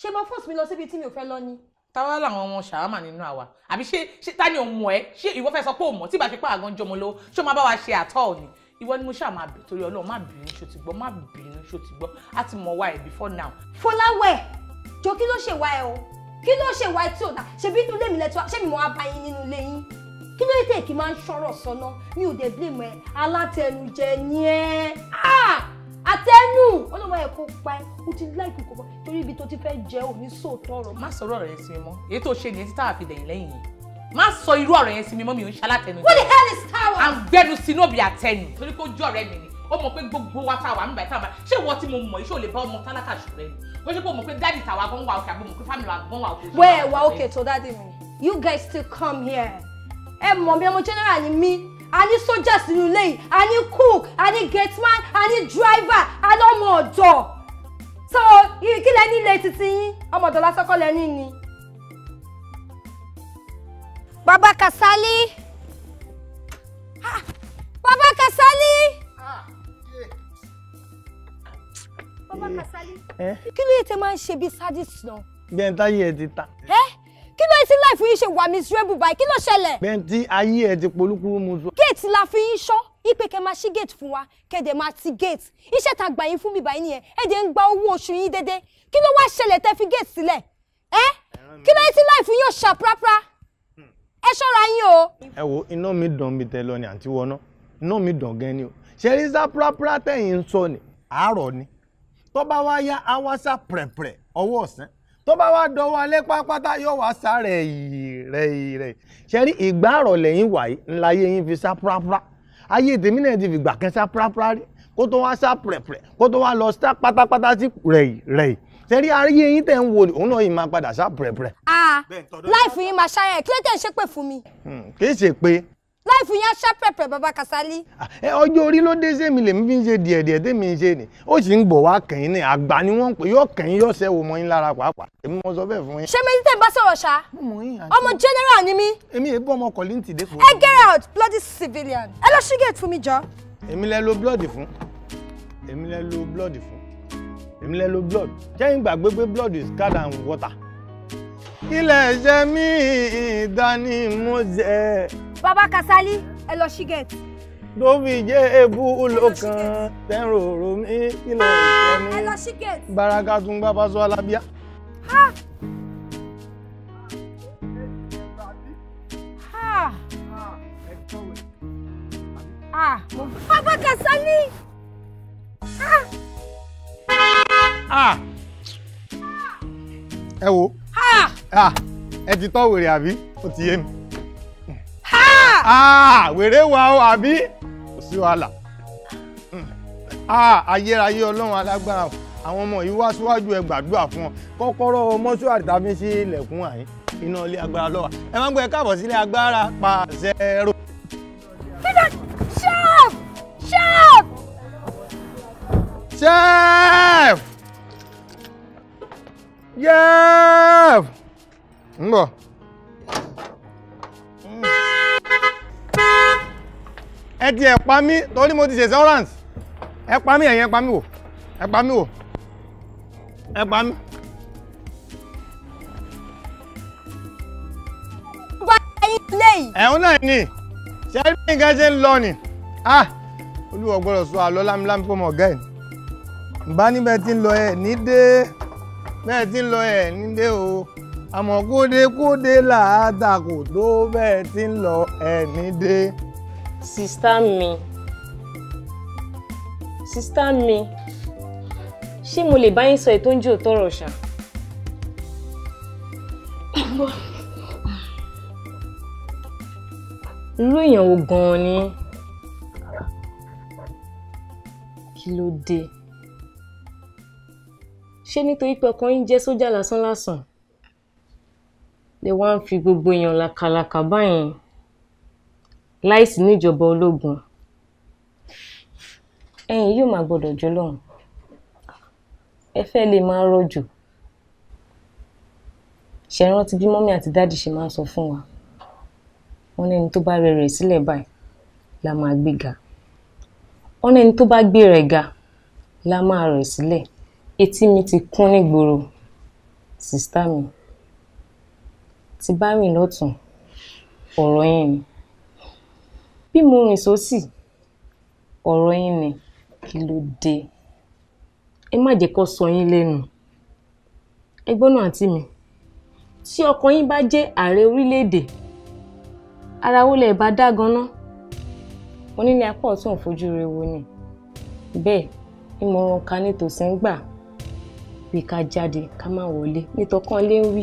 ṣé mo force mi lọ síbi tí mi ò fẹ́ lọ ni táwa làwọn ọmọ ṣàwámà nínú àwa àbí ṣé ṣé ta ni ò mọ̀ ẹ́ ṣé ìwọ fẹ́ sọ pé ò tí ìbá ṣe àgàn jọmọ lówó ṣé máa bá wa ṣe àtọ́ òní ìwọ ni mo ṣáà máa bì torí Ọlọ́run má bínú ṣó ti gbọ́ má bínú ṣó ti gbọ́ á ti mọ̀ wá ẹ̀ before now. Fọláwẹ̀ jọ kí ló ṣe wá ẹ o kí ló ṣe wá ẹ tí ò dá ṣe bí inú ilé mi lẹ tí wá ṣé mi mọ abá yín nínú ilé yín kí ló dé kí máa ń ṣọ̀rọ̀ sọ́nà mi ò dé blame ẹ alátẹnujẹ ni ẹ ah àtẹnu olówó ẹ kó pa ẹ o ti láìpẹ́ kó pa torí ibi tó ti fẹ́ jẹ òní sóòótọ́ ọ̀rọ̀. má sọ ọ̀rọ̀ yẹn sí mi mọ́ èyí tó ṣe nìyẹn títà àfi dẹ̀yìn lẹ́yìn yìí má sọ irú ọ̀rọ̀ yẹn sí mi mọ́ mi ò ń ṣe alátẹnu. who the hell is tower. à ń gbẹnu sínú òbí àtẹnu torí pé ó jọ ọ̀rẹ́ mi ni ó mọ̀ pé gbogbo wa táwa ń bá táwa ṣé ìwọ tí mo mọ̀ iṣẹ́ ò lè bá ọmọ tálákà ṣùgbọ́n ẹni ó ṣe pé ó mọ̀ pé dáàdì tàwa gan wà òkè àbọ̀mọ̀ pé fámìlì wa gan you guys still come here ẹ mọ̀ mi ọmọ general ni mí a ní sójà sínú ilé yìí a ní cook a ní gateman a ní driver a lọ́mọ ọ̀dọ̀ so kí lẹ nílé títí yín ọmọ ọ̀dọ̀ lásọkọ lẹ ní ni. baba Kasali ah, baba Kasali. Ah, baba eh. Kasali eh? kí ló yẹ tẹ máa ń ṣe bíi sadist náà. gbẹ̀ntayé ẹ̀ ti ta. ẹ́ eh? kí ló ti láì fún yín ṣe wà miserable báyìí kí ló ṣẹlẹ̀. bẹ́ntì ayé ẹ̀ ti polúkúrú mu sọ. géètì la fi yín ṣọ́ ipe kẹ máa ṣí géètì fún wa kẹ̀dẹ̀ máa ti géètì iṣẹ́ ta gbà yín fún mi báyìí nìyẹn ẹ̀dẹ̀ ń gba owó oṣù yín dédé kí ló wá ṣẹlẹ̀ tẹ́ fi géètì sílẹ̀ ẹ́ kí ló ti láì fún yín ọ̀ṣà pàápàá ẹ ṣọ́ra yín o. ẹ wo iná mi dàn mi tẹ lọ ni àǹtí wọná iná mi dàn gan ni o ṣe rí sá pàápàá tẹ̀yìn ń sọ ni àárọ̀ ni tó bá wá yá pẹ̀pẹ̀ ọwọ́ ọ̀sán tó bá wá dọwọ́ alẹ́ pápátá yóò wá sáré yìí rẹ̀ yìí rẹ̀ ṣe rí ìgbà àrọ̀lẹ̀ yín wàyí ńlá ayé yín fi sá púrápúrá ayé tèmi náà ti fi gbà kan sá púrápúrá rí kó tó wá sá pẹ̀rẹ̀pẹ̀rẹ̀ kó tó wá lọ sá pátápátá sí rẹ̀ yìí rẹ̀ yìí ṣe rí ayé yín tẹ̀ ń wo òun náà yìí máa padà sá pẹ̀rẹ̀pẹ̀rẹ̀. láì fún yín máa ṣáyẹ̀ kí ló tẹ̀ ń ṣépè fún mi. Hmm, kì í ṣe pé láìfù yẹn aṣá pẹ̀pẹ̀ baba Kasali. ọjọ́ orí ló dé sẹ́mi lèmi fi ń ṣe díẹ̀díẹ̀ tẹ́mi ń ṣe ni ó sì ń gbọ̀ wá kẹ́yìn ni àgbà ni wọ́n ń pè yọ kẹ́yìn yọ sẹ́wọ̀ mọ́ yín lára pàápàá èmi mo sọ bẹ́ẹ̀ fún yín. ṣé mi bá sọ̀rọ̀ ṣá ọmọ general ni mí. èmi èbú ọmọ kọ̀lí dé fún mi. ẹ get out bloody civilian ẹ lọ sí gate fún mi jọ. èmi lẹ lo blood fún èmi lẹ lo blood fún èmi lẹ lo blood jẹ́yìn gbàgbé pé blood is card and water. ilẹ̀ ṣe mí ìdánimọ̀ jẹ́ baba kasali ẹ lọ sí gẹ̀ẹ́tì. lóbi jẹ́ ebú olókan tẹ́rọ̀rọ̀ mi ilẹ̀ ìfẹ́ mi. baraka tún bá sọ alábíà. baba kasali. ẹ wo ẹ ti tọ́ wèrè àbí ó ti yé mi. Ah! Ah, wèrè wa o àbí kò sí wàhálà hmm. ah, ayérayé ọlọ́run alágbára àwọn ọmọ yìí wá síwájú ẹ gbàdúrà fún ọ kọ́kọ́rọ́ mọ́ṣúárì tàbí sí ilẹ̀kùn àyín iná ilé agbára lọ́wà ẹ máa ń gbé káàbọ̀ sílé agbára pa zero. chef chef chef chef ń bọ̀. ẹ ti ẹ̀ pa mí torí mo ti ṣe insurance ẹ pa mí ẹ̀yìn ẹ pa mí wò ẹ pa mí wò ẹ pa mí. wá ẹyin ilé yìí. ẹ̀hún náà ni ṣé bí nǹkan ṣe ń lọ ni olúwa gbọ́dọ̀ sọ àlọ́ lámúlámú pọ̀ mọ́ ọ̀gá ẹ̀ bá ní bẹ́ẹ̀ ti ń lọ ẹ̀ ní dé bẹ́ẹ̀ ti ń lọ ẹ̀ ní dé o àmọ́ kódé kódé làá dà kò tó bẹ́ẹ̀ ti ń lọ ẹ̀ ní dé. Sister mi sister mi ṣé mo lè bá yín sọ èyí tó ń jẹ́ òótọ́ ọ̀rọ̀ ṣá. irú èèyàn wo gan-an ni kí ló dé ṣé nítorí pé ọkàn yín jẹ́ sójà lásán lásán lè wá ń fi gbogbo èèyàn làkàlàkà báyìí láìsí níjọba ológun ẹ̀yin yóò máa gbọ́dọ̀ jọlọ́run ẹ fẹ́ lè máa rọ̀jò ṣe rántí bí mọ́mí àti dáàdì ṣe máa ń sọ fún wa wọ́n ní ẹni tó bá rẹ̀ rẹ̀ sílẹ̀ báyìí la máa gbé ga wọ́n ní ẹni tó bá gbé rẹ̀ ga la máa rẹ̀ sílẹ̀ etí mi ti kún nígboro sìstá mi ti bá rìn lọ́tún ọ̀rọ̀ yẹn ni bí mo rìn sósì ọ̀rọ̀ yín ni kí ló dé ẹ má jẹ́ kó sọ yín lẹ́nu ẹ gbọ́nà àǹtí mi tí ọkọ yín bá jẹ́ ààrẹ orílẹ̀-èdè ara wo lẹ̀ bá dá ganan onílé apá ọ̀tún òfojú rẹ̀ wo ni bẹ́ẹ̀ ìmọ̀ràn kan nítòsí ń gbà pé ká jáde ká má wọlé nítọ́kànlé ń wí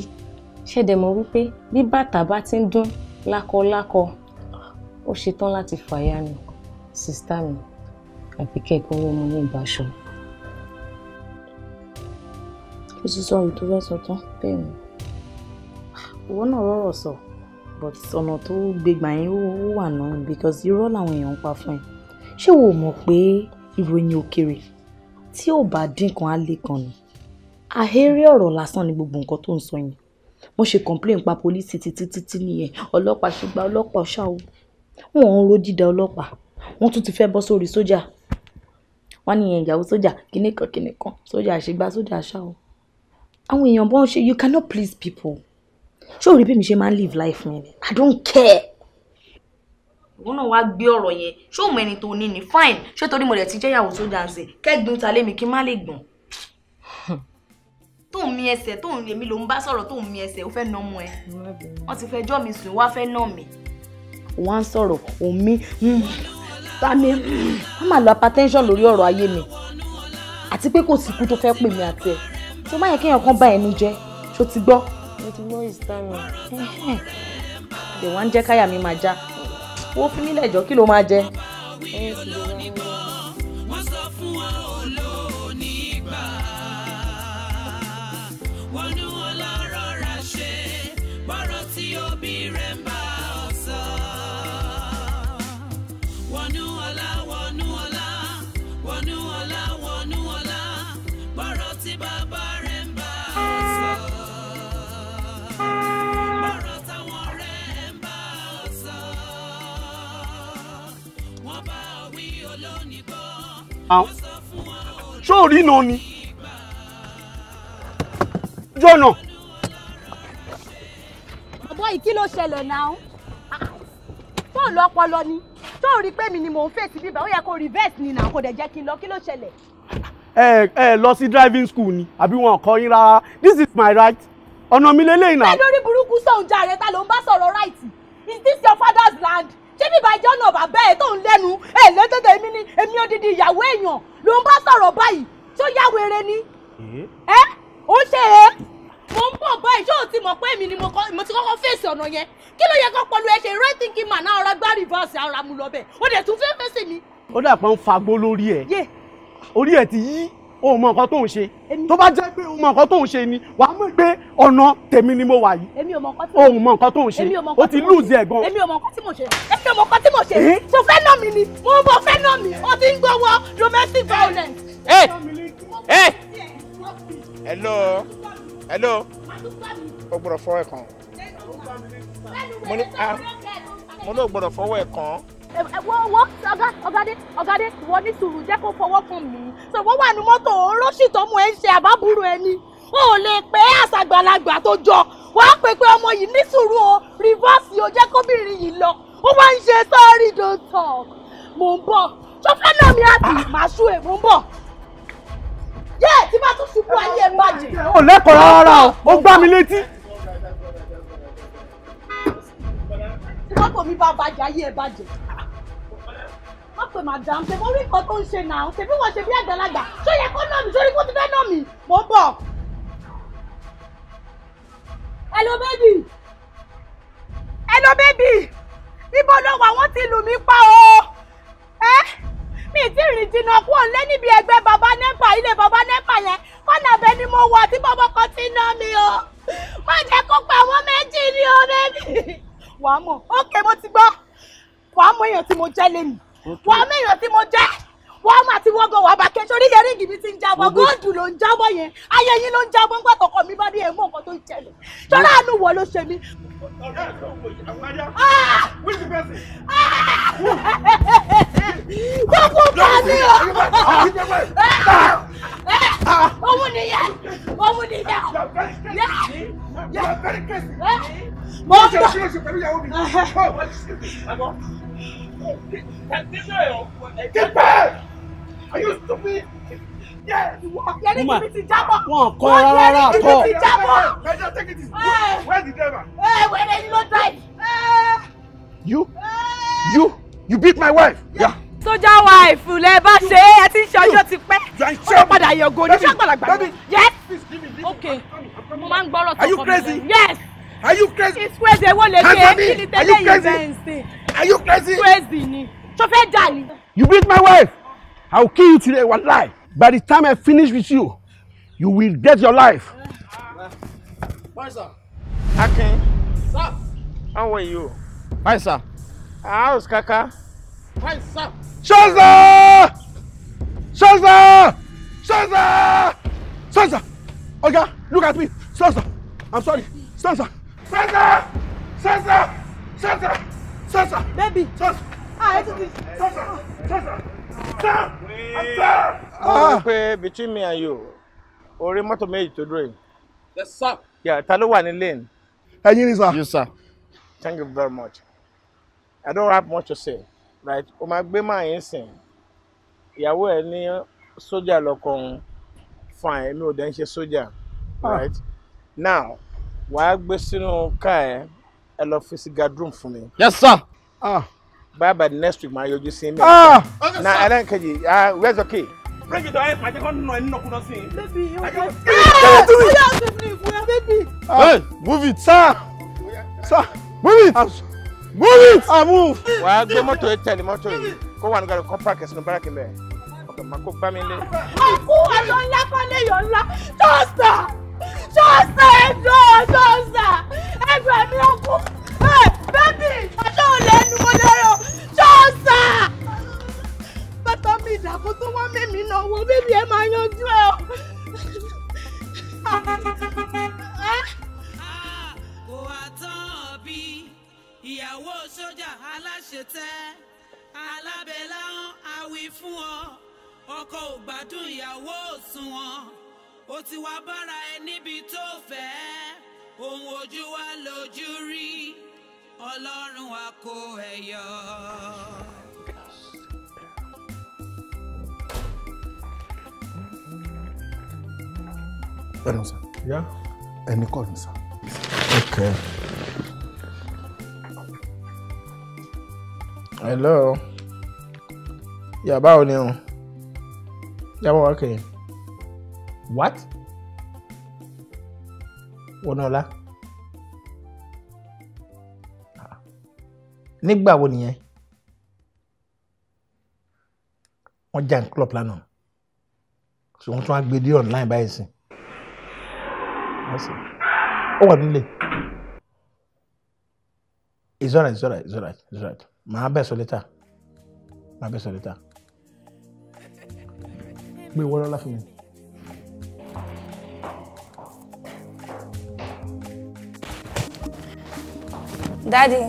ṣẹ̀dẹ̀ mọ̀ wípé bí bàtà bá ti ń dún lákọlákọ ó ṣetán láti fàyà nù sísítà mi àfi kẹ́kọ̀ọ́ ọmọ mi ìbáṣọ. ó ti sọ ohun tó fẹ́ sọ tán bẹ́ẹ̀ ni ìwọ náà rọrọ̀ sọ but ọ̀nà tó gbégbà yín ó wà náà because irọ́ làwọn èèyàn ń pa fún ẹ ṣé wo mọ̀ pé ìròyìn òkèrè tí ò bá dín á lè kan ni àhéré ọ̀rọ̀ lásán ni gbogbo nǹkan tó ń sọ yẹn wọ́n ṣe complain pa polisi títí títí nìyẹn ọlọ́pàá ṣùgbọ́n ọlọ́pàá ṣá wọn ń ro dídá ọlọ́pàá wọ́n tún ti fẹ́ bọ́ sórí sójà wọ́n ní ìyàwó sójà kinní kan kinní kan sójà àṣegbá sójà àṣà o àwọn èèyàn bọ́n ṣe you cannot please people ṣé òrí bí mi ṣe máa ń live life mi ni I don't care òun náà wá gbé ọ̀rọ̀ yẹn ṣé òun ẹni tó ní ni fine ṣé torí mo rẹ̀ ti jẹ́ ìyàwó sójà ń sè kẹ́gbin ta lémi kí n má lè gbọ̀n tó ń mi ẹsẹ̀ tó ń èmi ló ń bá sọ̀rọ̀ tó ń mi ẹsẹ̀ ó fẹ́ nà ọmọ ẹ wọ́n ti fẹjọ́ mi sùn wá fẹ́ nà mí òun á ń sọ̀rọ̀ òun mí hmm. tani wọ́n máa lo hypertension lórí ọ̀rọ̀ ayé mi àti pé kò sí ikú tó fẹ́ pè mí àti ẹ̀ tó má yẹ kéèyàn kan bá ẹnu jẹ ṣó ti gbọ́. mo ti gbọ́ ìsítàmì. ìwà ń jẹ́ káyà mi máa já wọ́n fi nílẹ̀ jọ́ kí ló máa jẹ. ẹ ẹ sì lè ra ẹ lọ. ṣó ò rí náà ni jọ̀nà. bàbá yìí kí ló ṣẹlẹ̀ náà fóònù ọpọlọ ni tó rí pé mi ni mò ń fèsì bíbá ó yẹ kó reverse ni náà kò dẹ̀ jẹ́ kí n lọ kí ló ṣẹlẹ̀. ẹ ẹ lọ sí driving school ni àbí wọn kọ́ yín rárá this is my right ọ̀nà mi lélẹ́yìn náà. ẹ lórí burúkú sọ̀hún jàre ta ló ń bá sọ̀rọ̀ right is this your father's land ṣebí ìbàjẹ́ ọ̀nà bàbá ẹ̀ tó ń lẹ́nu ẹ̀ lẹ́tẹ̀tẹ̀ èmi ni èmi odidi ìyàwó èèyàn ló ń bá sọ̀rọ̀ báyìí tó yá wèrè ni ẹ ó ṣe é mo ń bọ̀ bọ́ ìṣó ti mọ̀ pé èmi ni mo ti kọ́kọ́ fèsì ọ̀nà yẹn kí ló yẹ kó pọ̀lú ẹ ṣe right thinking man náà ọ̀rọ̀ gbá rìvọ́ọ̀sì ara mu lọ bẹ́ẹ̀ ó dẹ̀ tún fẹ́ fèsì mi. ó dà pọ̀ fagbó lórí ẹ̀ orí ẹ̀ ti yí o mọ nǹkan tó ń ṣe tó bá jẹ́ pé o mọ nǹkan tó ń ṣe ni wàá mọ̀ pé ọ̀nà tèmi ni mo wà yìí o mọ nǹkan tó ń ṣe o ti lùzì ẹ̀ gan. èmi ò mọ nǹkan tí mo ṣe èmi ò mọ nǹkan tí mo ṣe tó eh? fẹ́ nà mí ni mo ń fẹ́ nà mí o ti ń gbowó domestic eh? violence. ẹ eh? ẹ hello hello o gbọ́dọ̀ fọwọ́ ẹ̀ kàn mo ní ah, o gbọ́dọ̀ fọwọ́ ẹ̀ wọ́n wọ́n ọ̀gá ọ̀gádé ọ̀gádé wọ́n ní sùúrù jẹ́ kó fọwọ́ kàn mí so wọ́n wà ní mọ́tò olóṣì tó mú ẹ ń ṣe àbábúrò ẹni o ò lè pé àṣàgbàlagbà tó jọ wàá pè pé ọmọ yìí ní sùúrù o rìvọ́ọ̀sì o jẹ́ kóbìnrin yìí lọ ó wá ń ṣe sọ́ọ́rì don't talk mò ń bọ̀ sọ́fẹ́ náà mi àti màṣú ẹ̀ mò ń bọ̀ yé tí bá tún ṣubú ayé ẹ̀ bàjẹ́. ò lẹ́kọ̀ọ́ rárá o ó gbá mi létí. tí mọ́tò mi bá bàjẹ́ ayé ẹ̀ bàjẹ́ pé madam ṣe mo rí nǹkan tó ń ṣe náà ṣe bí wọ́n ṣe bí àgbàlagbà ṣó yẹ kó nà mí sórí kó ti fẹ́ nà mí mo bọ̀. hello baby hello baby ibo ló wà wọ́n ti lù mí pa o ẹ́ mi ti rìn jìnnà kú òun lé níbi ẹgbẹ́ baba nepa ilé baba nepa yẹn kọ́nà abẹ ni mo wà tí bọ́bọ́ kan ti ná mi o má jẹ́ kó pa àwọn méjì ni o baby wàá mọ̀ ókè mo ti gbọ́ wàá mọ̀ èèyàn tí mo jẹ́ lé wọ́n mẹ́yàn tí mo jẹ́ wọ́n máa ti wọ́gọ̀ wà bá kẹ́sọ́ orílẹ̀ ríngì mi ti ń jábọ̀ góòdù ló ń jábọ̀ yẹn ayé yín ló ń jábọ̀ ń gbàtọ̀kọ̀ mi bá ní ẹ̀mú nǹkan tó ń ṣẹlẹ̀ tọ́lá àánú wọ ló ṣe mí. kókó bá mi o òun nìyẹn òun nìyẹn mo gbọ́. Get back! Are you stupid? Yes! Yẹ́nì kìí ti jábọ̀. Wọ́n kọ́ rárá kọ́. Yẹ́nì kìí ti jábọ̀. Measure take Where's the driver? Ẹ wẹ̀rẹ̀ ni ló drive. You you you beat my wife. Yeah. Sójà wife lẹ bá ṣe é ẹ ti ń ṣe ọjọ́ ti pẹ́. Ó padà yọ̀gò ní ṣàgbàlagbà. Yes. Okay. Mo máa ń gbọ́rọ̀ tó kọ́ mi Yes. Are you crazy? It's crazy. Ewo le ke kí ni tẹ́lẹ̀ yìí bẹ́ẹ̀ ń sìn. Are you crazy? Crazy ni. Ṣo fẹ́ ni? You beat my wife. I will kill you today, wallahi. By the time I finish with you, you will get your life. Bye, sir. Akin. Sir. How are you? Hi, sir. How's Kaka? Hi, sir. Shaza! Shaza! Shaza! Shaza! Oga, look at me. Shaza! I'm sorry. Shaza! Shaza! Shaza! Shaza! Sasa! Baby! Sasa! Ah, it is. Sasa! Sasa! Sasa! Sasa! Ah, between me and you. Orí mọ́tò to tó dúró yìí. Yes, sir. Yeah, tell ló wà ní lane? Ẹ̀yin ni sir. Yes, sir. Thank you very much. I don't have much to say. Right? O máa gbé máa yín sìn. Ìyàwó ẹ̀ ní sójà lọ́kọ òun. Fine, èmi ò dẹ̀ ah. Right? Now, wàá gbé sínú káà ẹ̀. I love fi sí gadroom fún mi. yes sir. Ah. bye bye the next week máa yọjú sí mi. Ah. na ẹlẹ́nkejì ah, where's the key. Bring it to bírèkì tó ayé pàjẹ́ I nínú ẹni nàkúnná sí i. baby you go ah! see. Hey, move it. Sir. Sir. Move it. Move it. I move. Wàá gbé mọ́tò yìí tẹ̀lé mọ́tò yìí kó wà nígbà tó kọ́ pààkì sínú báràkì mẹ́rin. Ọkọ̀ máa kó bá mi lé. Ọkú ẹ̀yọ́ ńlá kọ́lé ẹ̀yọ́ ńlá. Jọ́sà! Jọ́sà ẹ̀jọ́! Yeah, báwo ni o yà báwo kẹ what wọnà ọlá nígbà wo nìyẹn wọn jà ń club lánàá so wọn tún á gbé dé online báyìí sí ó wà nílé it's alright it's alright it's alright it's alright màá bẹ̀ sọ létà màá bẹ̀ sọ létà gbé wọ́n lọ́la fún Daddy,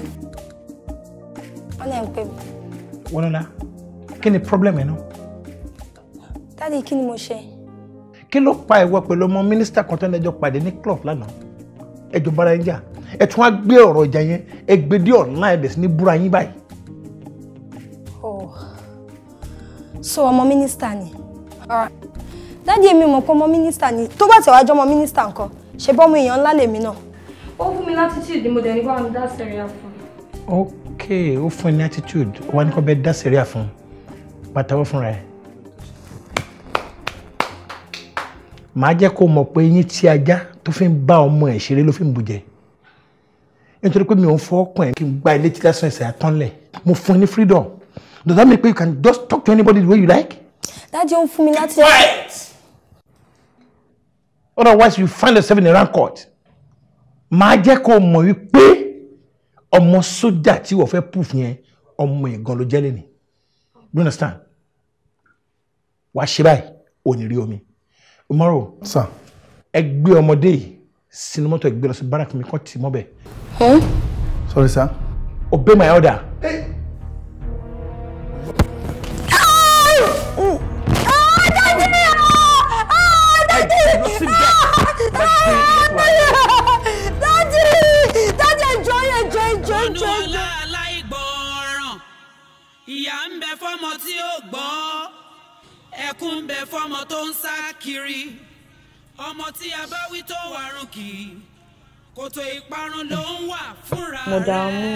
wọ́n lè ń pè mí. Wọ́nọ́lá, kí ni problem ẹ̀ náà? Daddy, kí ni mo ṣe? Kí ló pa ìwọ pẹ̀lú ọmọ mínísítà kan tó ń lẹ́jọ́ pàdé ní club lánàá? Ẹjọ́ bára ń jà. Ẹ tún á gbé ọ̀rọ̀ ìjà yẹn, ẹ gbé dé ọ̀nà ẹ̀bẹ̀ sí ní búra Oh, so ọmọ mínísítà ni dáàdi èmi mọ̀ pé ọmọ mínísítà ni tó bá tẹ̀wá jọmọ mínísítà nǹkan ṣe bọ́mọ èèyàn ńlá lèmi náà. ó fún mi látitude ni mo dẹ̀ ní bá wọn dá sẹ̀ríà fún. ok ó fún ẹ ní attitude wọn ni kò bẹ dá sẹ̀ríà fún pàtàkó fúnra ẹ. màá jẹ́ kó mọ̀ pé yín tí ajá tó fi ń bá ọmọ ẹ̀ ṣeré ló fi ń bùjẹ nítorí pé mi ò ń fọ́ọ̀kùn ẹ̀ kí n gba ilé tí lásán ẹ̀sẹ̀ àtọ́nlẹ̀ mo fún ẹ ní freedom does that mean pé you can just talk to anybody the way you like dájú ó fún quiet otherwise you find yourself in a rank court My dear, kó mọ̀ pay, ọmọ sójà tí wọ́n fẹ́ pùf proof here on my jẹ́ lẹ́nìí you understand wàá ṣe báyìí ò ní rí tomorrow sir ẹ gbé ọmọdé yìí sínú mọ́tò ẹ gbé lọ sí barak mi kọ́ tì mọ́bẹ̀. sorry sir. obey my order. Hey. ọmọ tí a bá wí tó wàrùn kì kòtò ìparun ló ń wà fúnra rẹ̀. mo dààmú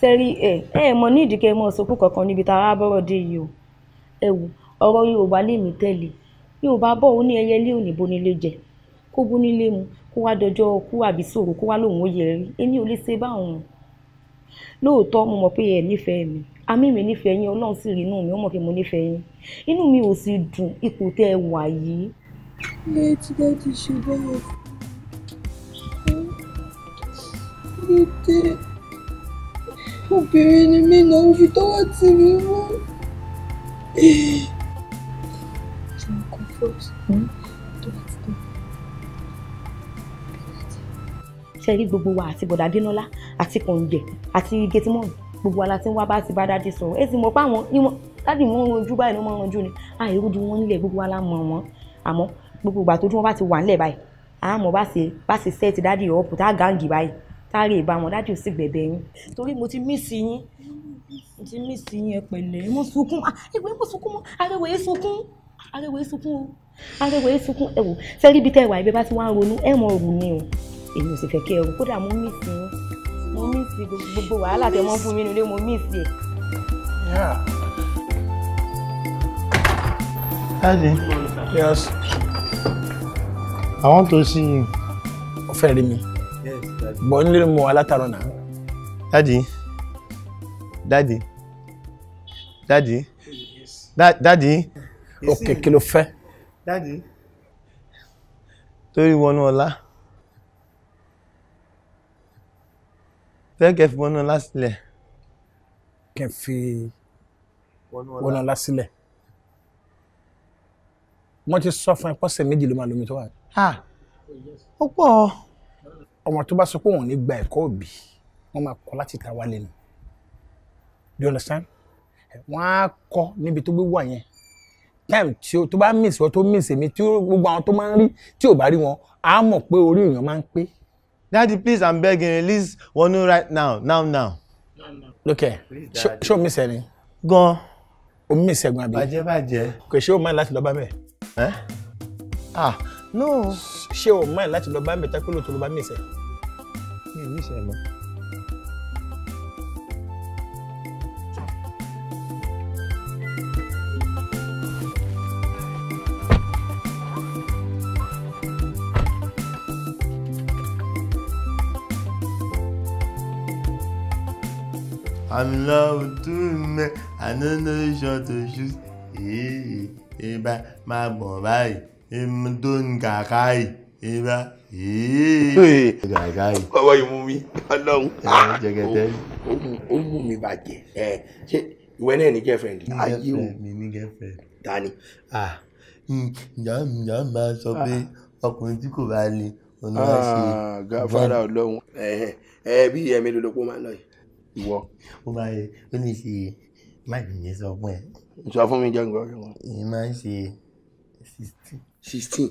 sẹ́rí ẹ̀ ẹ̀ mọ ní ìdíkẹ́ mọ́ sọ́kù kankan níbi tá a rà bọ́rọ̀ dé yìí o ẹ wò ọ̀rọ̀ yorùbá lèmi tẹ̀lé yorùbá bọ̀ ó ní ẹyẹ ilé òní bonílé jẹ kó bonílé mu kó wá dọjọ́ kú àbí sòrò kó wá lòun ó yẹ rí èmi ò lè ṣe báwọn lóòótọ́ mo mọ̀ pé ẹ̀ nífẹ̀ẹ́ mi àmì mi nífẹ̀ẹ́ yín ọlọ́run sì rí inú mi ó mọ̀ pé mo nífẹ̀ẹ́ yín inú mi ò sì dùn ipò tẹ́ ẹ wà yìí Hate that you should have. You did it. Obìnrin ni mí náà ń fi tọ́wọ́ tì mí mú. Ṣé gbogbo wa àti bọ̀dá Adénọ́lá àti Kòǹgẹ̀ àti Gẹ́tímọ́ọ̀nù gbogbo ala tí ń bá ti bá dáàdì sọ̀rọ̀ ẹ mọ̀ pé àwọn dáàdì wọn ń rojú báyìí ló máa ń rojú ni àìrúdu wọn nílẹ̀ gbogbo ala mọ̀ wọn àmọ́ gbogbo ìgbà tó dún wọn bá ti wà nílẹ̀ báyìí àmọ́ bá ṣe bá ṣe sẹ́ẹ̀tì dáàdì ọ̀pù tá a gàǹgì báyìí táàrí ìbá wọn dáàdì ò sì gbẹ̀bẹ̀ yín torí mo ti miss yín mo ti miss yín ẹ pẹ̀lẹ́ mo sunkún ah, ẹgbẹ́ mo sunkún mọ́ arẹwà yìí sunkún arẹwà yìí sunkún o arẹwà yìí sunkún ẹ wò sẹ́rí bí tẹ́wà ibẹ̀ bá ti wá ń ronú ẹ mọ̀ òrùn ni o èmi ò sì fẹ́ kí ẹ rò kódà mo miss yín mo miss gbogbo wàhálà tẹ mọ́ fún mi nílé mo miss Yeah. Daddy. Yes. I want to see you. Ó fẹ́ Yes, Daddy. Bọ̀ nílé mo wà Daddy. Daddy. Daddy. Yes. Da Daddy. Yes. Okay, kí ló fẹ́? Daddy. Torí wọnú ola. Thank you for wọnú last sílẹ̀. Can fi One ọlá sílẹ̀ wọ́n ti sọ fún ẹ pọ́sẹ̀ méjì ló máa lomi tó wà. ó pọ̀ ọmọ tó bá sọ pé òun ní gba ẹ̀kọ́ òbí wọ́n máa kọ́ láti ta wálé ni do you understand wọ́n á kọ́ níbi tó gbé wà yẹn time tí o tó bá miss wọ́n tó miss èmi tí gbogbo àwọn tó máa ń rí tí ò bá rí wọn á mọ̀ pé orí èèyàn máa ń pé. daddy please i'm begging release Wonu right now now now. look ẹ ṣé o miss ẹ ni. gan. o miss ẹ gan abi. bàjẹ́ bàjẹ́. kò ṣe o máa láti lọ bá bẹ́ẹ̀ ẹ ah no ṣé o mọ̀ láti lọ bá mi tẹ́ pé lóòótọ́ ló bá mi ìṣẹ́. mi ò ní ìṣẹ́ mọ́. I'm in love with two men. I don't know which one to choose. Yeah ibà máa gbọ̀n báyìí tó ń kàkà yìí ibà yìí kàkà yìí. ọwọ́ ìmú mi ọlọ́run ó mú mi bàjẹ́ ẹ ṣé ìwé náà ní girlfriend ayé o mi ní girlfriend. tani. ǹjọ́ ǹjọ́ máa sọ pé ah. ọkùnrin tí kò bá le ọ̀nà àṣẹ. gáfárà ọlọ́run ẹ ẹ bí ẹ̀mí lólobó máa ń lọ yìí. ìwọ. ó máa yẹ ó ní ṣe má jìnnì sọ fún ẹ sọ fún mi jẹun gbọ́dọ̀ wọn. èyí máa ń ṣe sixteen. sixteen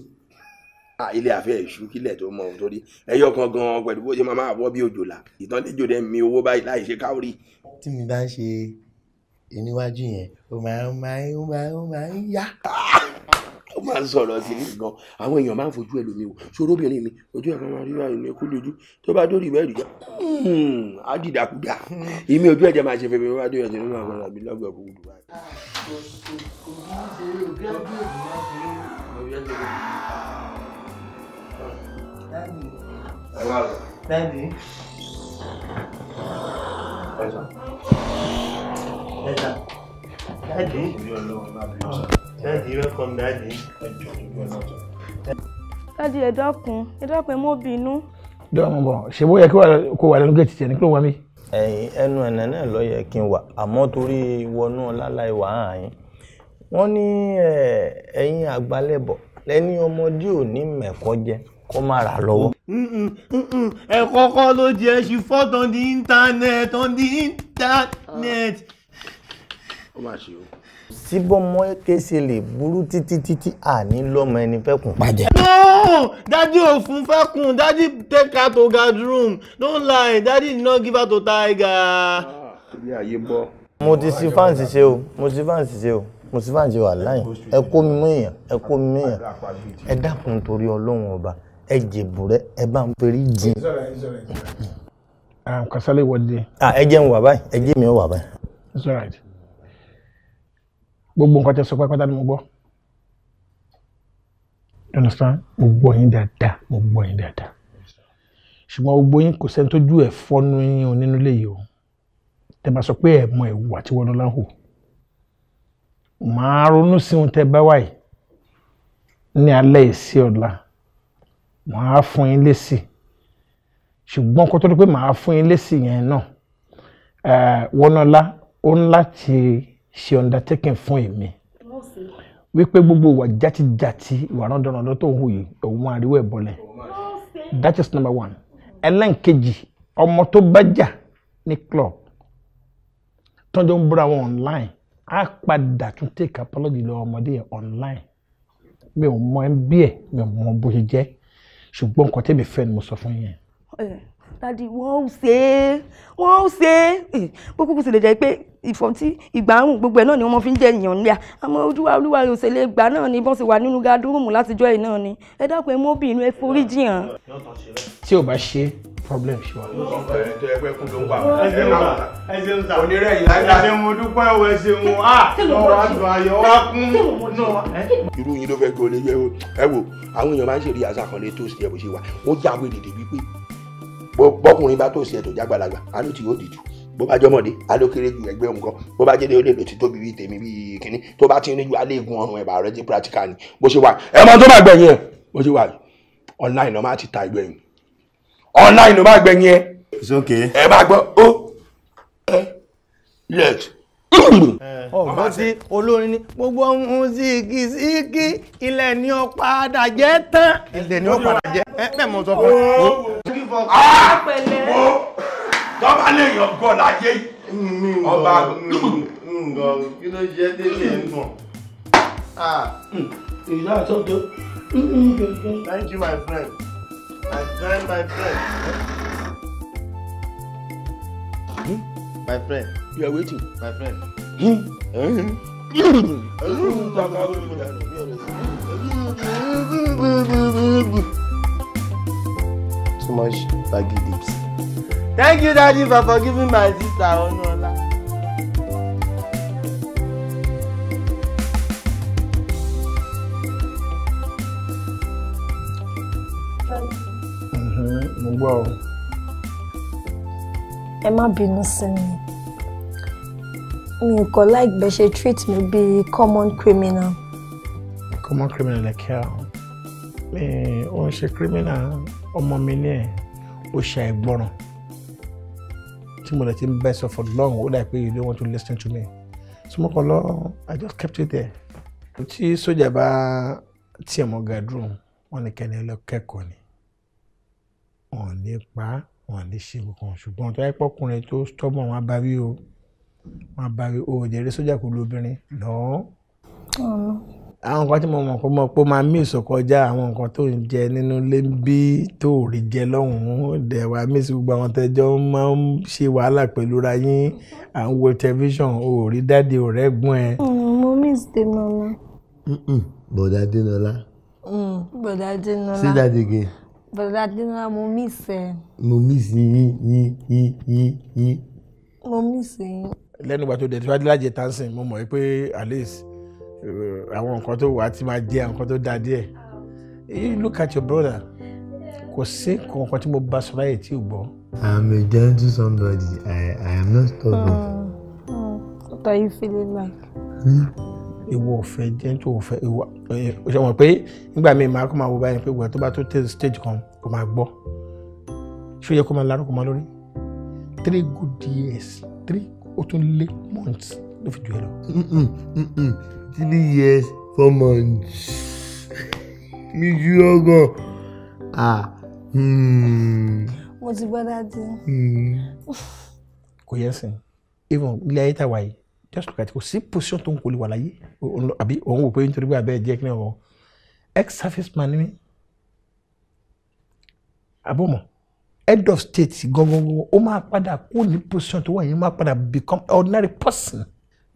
ah ilé àfẹ ìṣú kílẹ̀ tó mọ ohun torí ẹyọ kan gan pẹ̀lú bó ṣe máa máa wọ́ bí òjòlá ìtànlẹ́jò dẹ̀ mi owó báyìí láì ṣe káwórì. tí mi bá ń ṣe níwájú yẹn ó máa ń máa ń máa ń máa ń yá. ó máa ń sọ̀rọ̀ sí ní gan àwọn èèyàn máa ń fojú ẹ lómi o ṣòro obìnrin mi ojú ẹ̀ka máa rí wá ìlú ẹkú lójú tó bá dórí ìwé ìrìjà hmm, á dìdàkudà ìmí ojú ẹ̀jẹ̀ máa ṣe fẹ́ fẹ́ wá dórí ẹ̀jẹ̀ nínú àwọn àbí lọ́gbọ̀ọ́ Guarda. Vedi? Aspetta. Aspetta. Daddy? Daddy, welcome daddy. Daddy, ẹ dákun, ẹ dákun ẹ mọ́ bínú. Dọ́ọ̀mù bọ̀, ṣe bó yẹ kó wà lẹ́nu gẹ̀ẹ́tì tẹ̀ ní kí ló wà mí? ẹ̀yìn ẹnu ẹ̀nà náà lọ yẹ kí n wà àmọ́ torí wọnú ọláláì wà á yín wọ́n ní ẹ̀yin àgbálẹ̀bọ̀ lẹ́ni ọmọdé ò ní mẹ̀kọ́ jẹ kó má ra lọ́wọ́. ẹ kọ́kọ́ ló jẹ́ ṣì fọ́tàn di íńtánẹ́ẹ̀tì on íńtánẹ́ẹ̀tì. ó mà ṣe o síbọ̀mọ́ kése lè burú títí títí àní lọ́mọ ẹni fẹ́kùn pàjẹ́. no daddy ofun fẹ́kùn daddy take her to guard room don't lie daddy did not give her to tiger. Ah, ilé ayé bọ́. mo ti sí fáǹsì ṣe o mo ti fáǹsì ṣe o mo ti fáǹsì wà láyìn ẹ kó mi mú èèyàn ẹ kó mi mú èèyàn ẹ dákun torí ọlọ́run ọba ẹ jèbù rẹ ẹ bá ń perí jìn. Ah, kasale wọlé. Ah, ẹ jẹun wà báyìí ẹ jẹ mi wà báyìí gbogbo nǹkan tẹ sọ pátápátá ni mo gbọ́ you understand mo gbọ́ yín dáadáa mo gbọ́ yín dáadáa ṣùgbọ́n gbogbo yín kò sẹ́ni tójú ẹ̀ fọ́nú yín o nínú ilé yìí o tẹ bá sọ pé ẹ̀ mọ ìwà tí wọ́n lọ́la hù màá ronú sí ohun tẹ bá wáyé ní alẹ́ ìsí ọ̀la màá fún yín lésì ṣùgbọ́n kó tó di pé màá fún yín lésì yẹn náà wọnọlá ó ń láti ṣe undertaking fún èmi wípé gbogbo ìwà játijáti ìwà rándanrandan tó ń hù yìí òun àríwá ẹ̀ bọ́lẹ̀ that is number one ẹlẹ́nkejì ọmọ tó bá jà ní club tọ́jú ń búra wọn online á padà tún take apology lọ ọmọdé yẹn online mi ò mọ ẹ bí ẹ mi ò mọ bó ṣe jẹ ṣùgbọ́n nǹkan tẹ́mi fẹ́ ni mo sọ fún yẹn dadi wọn ò ṣe é wọn ò ṣe é bó kúkú sì lè jẹ́ pé ìfọ̀ntí ìgbàrún gbogbo ẹ̀ náà ni wọ́n fi ń jẹ́ èèyàn nílẹ̀ àmọ́ olúwa olúwa òṣèlè ìgbà náà ni bọ́n ṣe wà nínú gádùrùmù látijọ́ yìí náà ni ẹ dákun ẹ mọ́ bínú ẹ forí jìyàn. tí o bá ṣe problem ṣe wà. irú yín ló fẹ́ gan ni ẹ wo àwọn èèyàn máa ń ṣèlérí àṣà kan lé tó ṣe ẹ bó ṣe wà ó jáwé dìde wípé bọ́kùnrin bá tó ṣe ẹ̀ tó jágbàlagbà á ló ti yóò dìjú bó bá jọmọdé alókèrè ju ẹgbẹ́ òun bó bá jẹ́dẹ́ ó lò tí tóbi bíi tèmi bíi kínní tó bá ti ń ju aléègùn ọrùn ẹ̀bà rẹ jẹ́ practical ni bó ṣe wà ẹ máa tó máa gbẹ̀yìn ẹ̀ bó ṣe wà online ló máa ti ta ìgbẹ̀yìn online ló máa gbẹ̀yìn ẹ̀. it's okay. ẹ máa gbọ́ ó ẹ let ọ̀gbọ́n tí olórin ní gbogbo ohun síkì síkì ilẹ̀ ni ó padà jẹ́ tán ilẹ̀ ni ó padà jẹ́ ẹ bẹ́ẹ̀ mọ̀ sọ fún mi tọ́ba lè yàn gọ́ láyé ọba ngọ kí ló jẹ́ délé ẹ̀gbọ́n. Ah. ìyá àtọ́jọ́. thank you my friend my friend my friend. my friend. you are waiting. my friend. Mm-hmm. Too much baggy lips. Thank you, Daddy, for forgiving my sister, Onuola. Mm-hmm. Mo gbọ́ ọ. Emma, má bínú sí mi. Mi kò like but she treat me be common criminal. Common criminal like her, me. Mi she criminal ọmọ mi ní ẹ̀, ó ṣe àìgbọràn tí mo lè ti ń bẹ́ sọ for long ó dà you don't want to listen to me so mo kàn lọ I just kept it there. tí sójà bá tiẹ̀ mọ́ gàdúrò wọn ní kẹ́ni lọ kẹ́kọ̀ọ́ ni wọn ní pa wọn ní ṣe kankan ṣùgbọ́n tó yẹ pé ọkùnrin tó stọ́mọ̀ wọn bá wí o wọn bá wí o jẹ́rìí sójà kò lóbìnrin lọ́ọ́ àwọn nǹkan tí mo mọ̀ pé mo pé máa mí ìsọkọjá àwọn nǹkan tó ń jẹ nínú ilé ń bí tó rí jẹ lọ́hùn-ún dẹ̀ wá mí sí gbogbo àwọn tẹ́jọ́ máa ń ṣe wàhálà pẹ̀lú ra yín à wo tẹlifíṣàn o ò rí dáde ọ̀rẹ́ gbọ́n ẹ. mo miss denola. bọ̀dá denola. Mm, bọ̀dá denola. say that again. bọ̀dá denola mo miss ẹ. mo miss yín yín yín yín yín. mo miss yín. lẹ́nu ìgbà tó dẹ̀ tí wàá dé lájẹ̀ tánṣìn mo mọ̀ pé alice Eh, àwọn nǹkan tó wà á ti máa jẹ àwọn nǹkan tó dáa díẹ̀ you eh, look at your brother kò sí nǹkan tí mo bá sọ láyè tí ò gbọ́. I am a gentle somebody I I am not stubborn. Hmm. Hmm. what are you feeling like? Hmm? ìwọ ọ̀fẹ́ gentle ọ̀fẹ́ ìwọ eh, ṣe mọ̀ pé nígbà míì máa kọ́ máa wo báyìí pé ìwà tó bá tó tẹ̀ stage kan kò máa gbọ́ ṣé ó yẹ kó máa lárúkọ máa lórí three good years three ó tún lé months ló fi jù ẹ lọ three years four months (laughs) mi júwọ́ gan ah hmm. mo ti gbọ́ dájú. Hmm. kò yẹ sìn even ilé ayé tá a wà yìí just look at it. kò sí position tó ń kó lè wà láyé àbí òun wò pé nítorí pé abẹ́ jẹ́ kí ni ọ̀ ex service man ni mí head of state gangan ó máa padà kó ní position tó wà yìí ó máa padà become ordinary person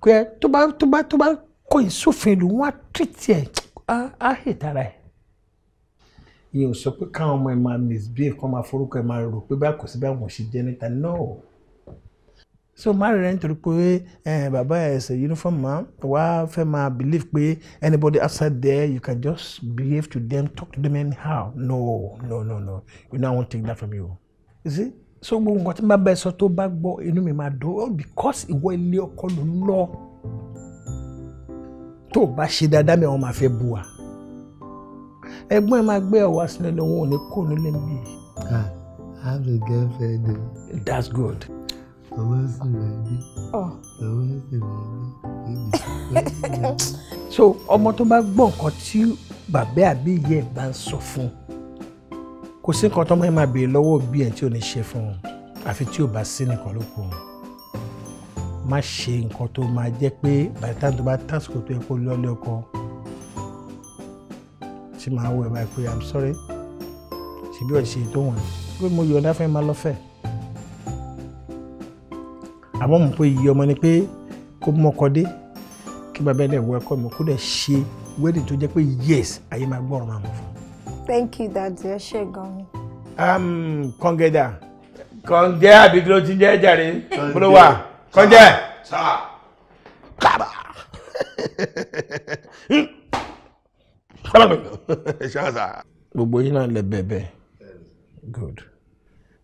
kò yẹ tó bá tó bá tó bá kọ ìsófin ìlú wọn á tìrìtì ẹ á hè tara ẹ. ìyẹn ò sọ pé káwọn ọmọ ẹ máa misbehave kọ́ máa forúkọ ẹ máa rò pé báyà kò sí báyà wọ́n ṣe jẹ́ níta náà so máa rẹ̀ nítorí pé bàbá ẹsẹ̀ uniform ma wá fẹ́ máa believe pé anybody outside there you can just behave to them talk to them anyhow no no no no you know I won't take that from you you see so gbogbo nǹkan tí n bá bẹ sọ tó bá gbọ́ inú mi máa dùn because ìwọ ilé ọkọ ló lọ tó o bá ṣe dáadáa mi àwọn máa fẹ́ bu wa ẹ̀gbọ́n ẹ máa gbé ọwọ́ sílẹ̀ lọ́wọ́ òní kò ní lè mí. ah i have a girlfriend o. that's good. ọwọ́ sì máa gbé oh. sì máa (laughs) so ọmọ tó bá gbọ́ nǹkan tí bàbá àbí ìyá ẹ̀ bá ń sọ fún un kò sí nǹkan tó máa ń máa béèrè lọ́wọ́ òbí ẹ̀ tí ò ní ṣe fún un àfi tí ò bá sí nìkan ló kù má ṣe nǹkan tó máa jẹ́ pé bàtà tó bá tásìkò tó yẹ kó lọ́lé ọkọ tí màá wọ ẹ̀ báyìí pé i'm sorry ṣèbí ọ̀ṣì tó wọ̀n pé mo yọ̀ ọ́nà fẹ́ máa lọ́fẹ̀ẹ́ àmọ́ mo pé iye ọmọ ni pé kó mọ́kọ dé kí bàbá ẹ̀ wọ ẹ̀kọ́ mi kó dẹ̀ ṣe wedding tó jẹ́ pé yes ayé máa gbọ́ ọ̀rọ̀ máa mọ̀ fún. thank you daddy ẹ ṣé gan-an. Um, kọ́ngẹ́dà kọ́ngẹ́ àbí ló ti ń jẹ́ jàre kó kọjá. kaba gbogbo yín náà lè bẹ̀bẹ̀ good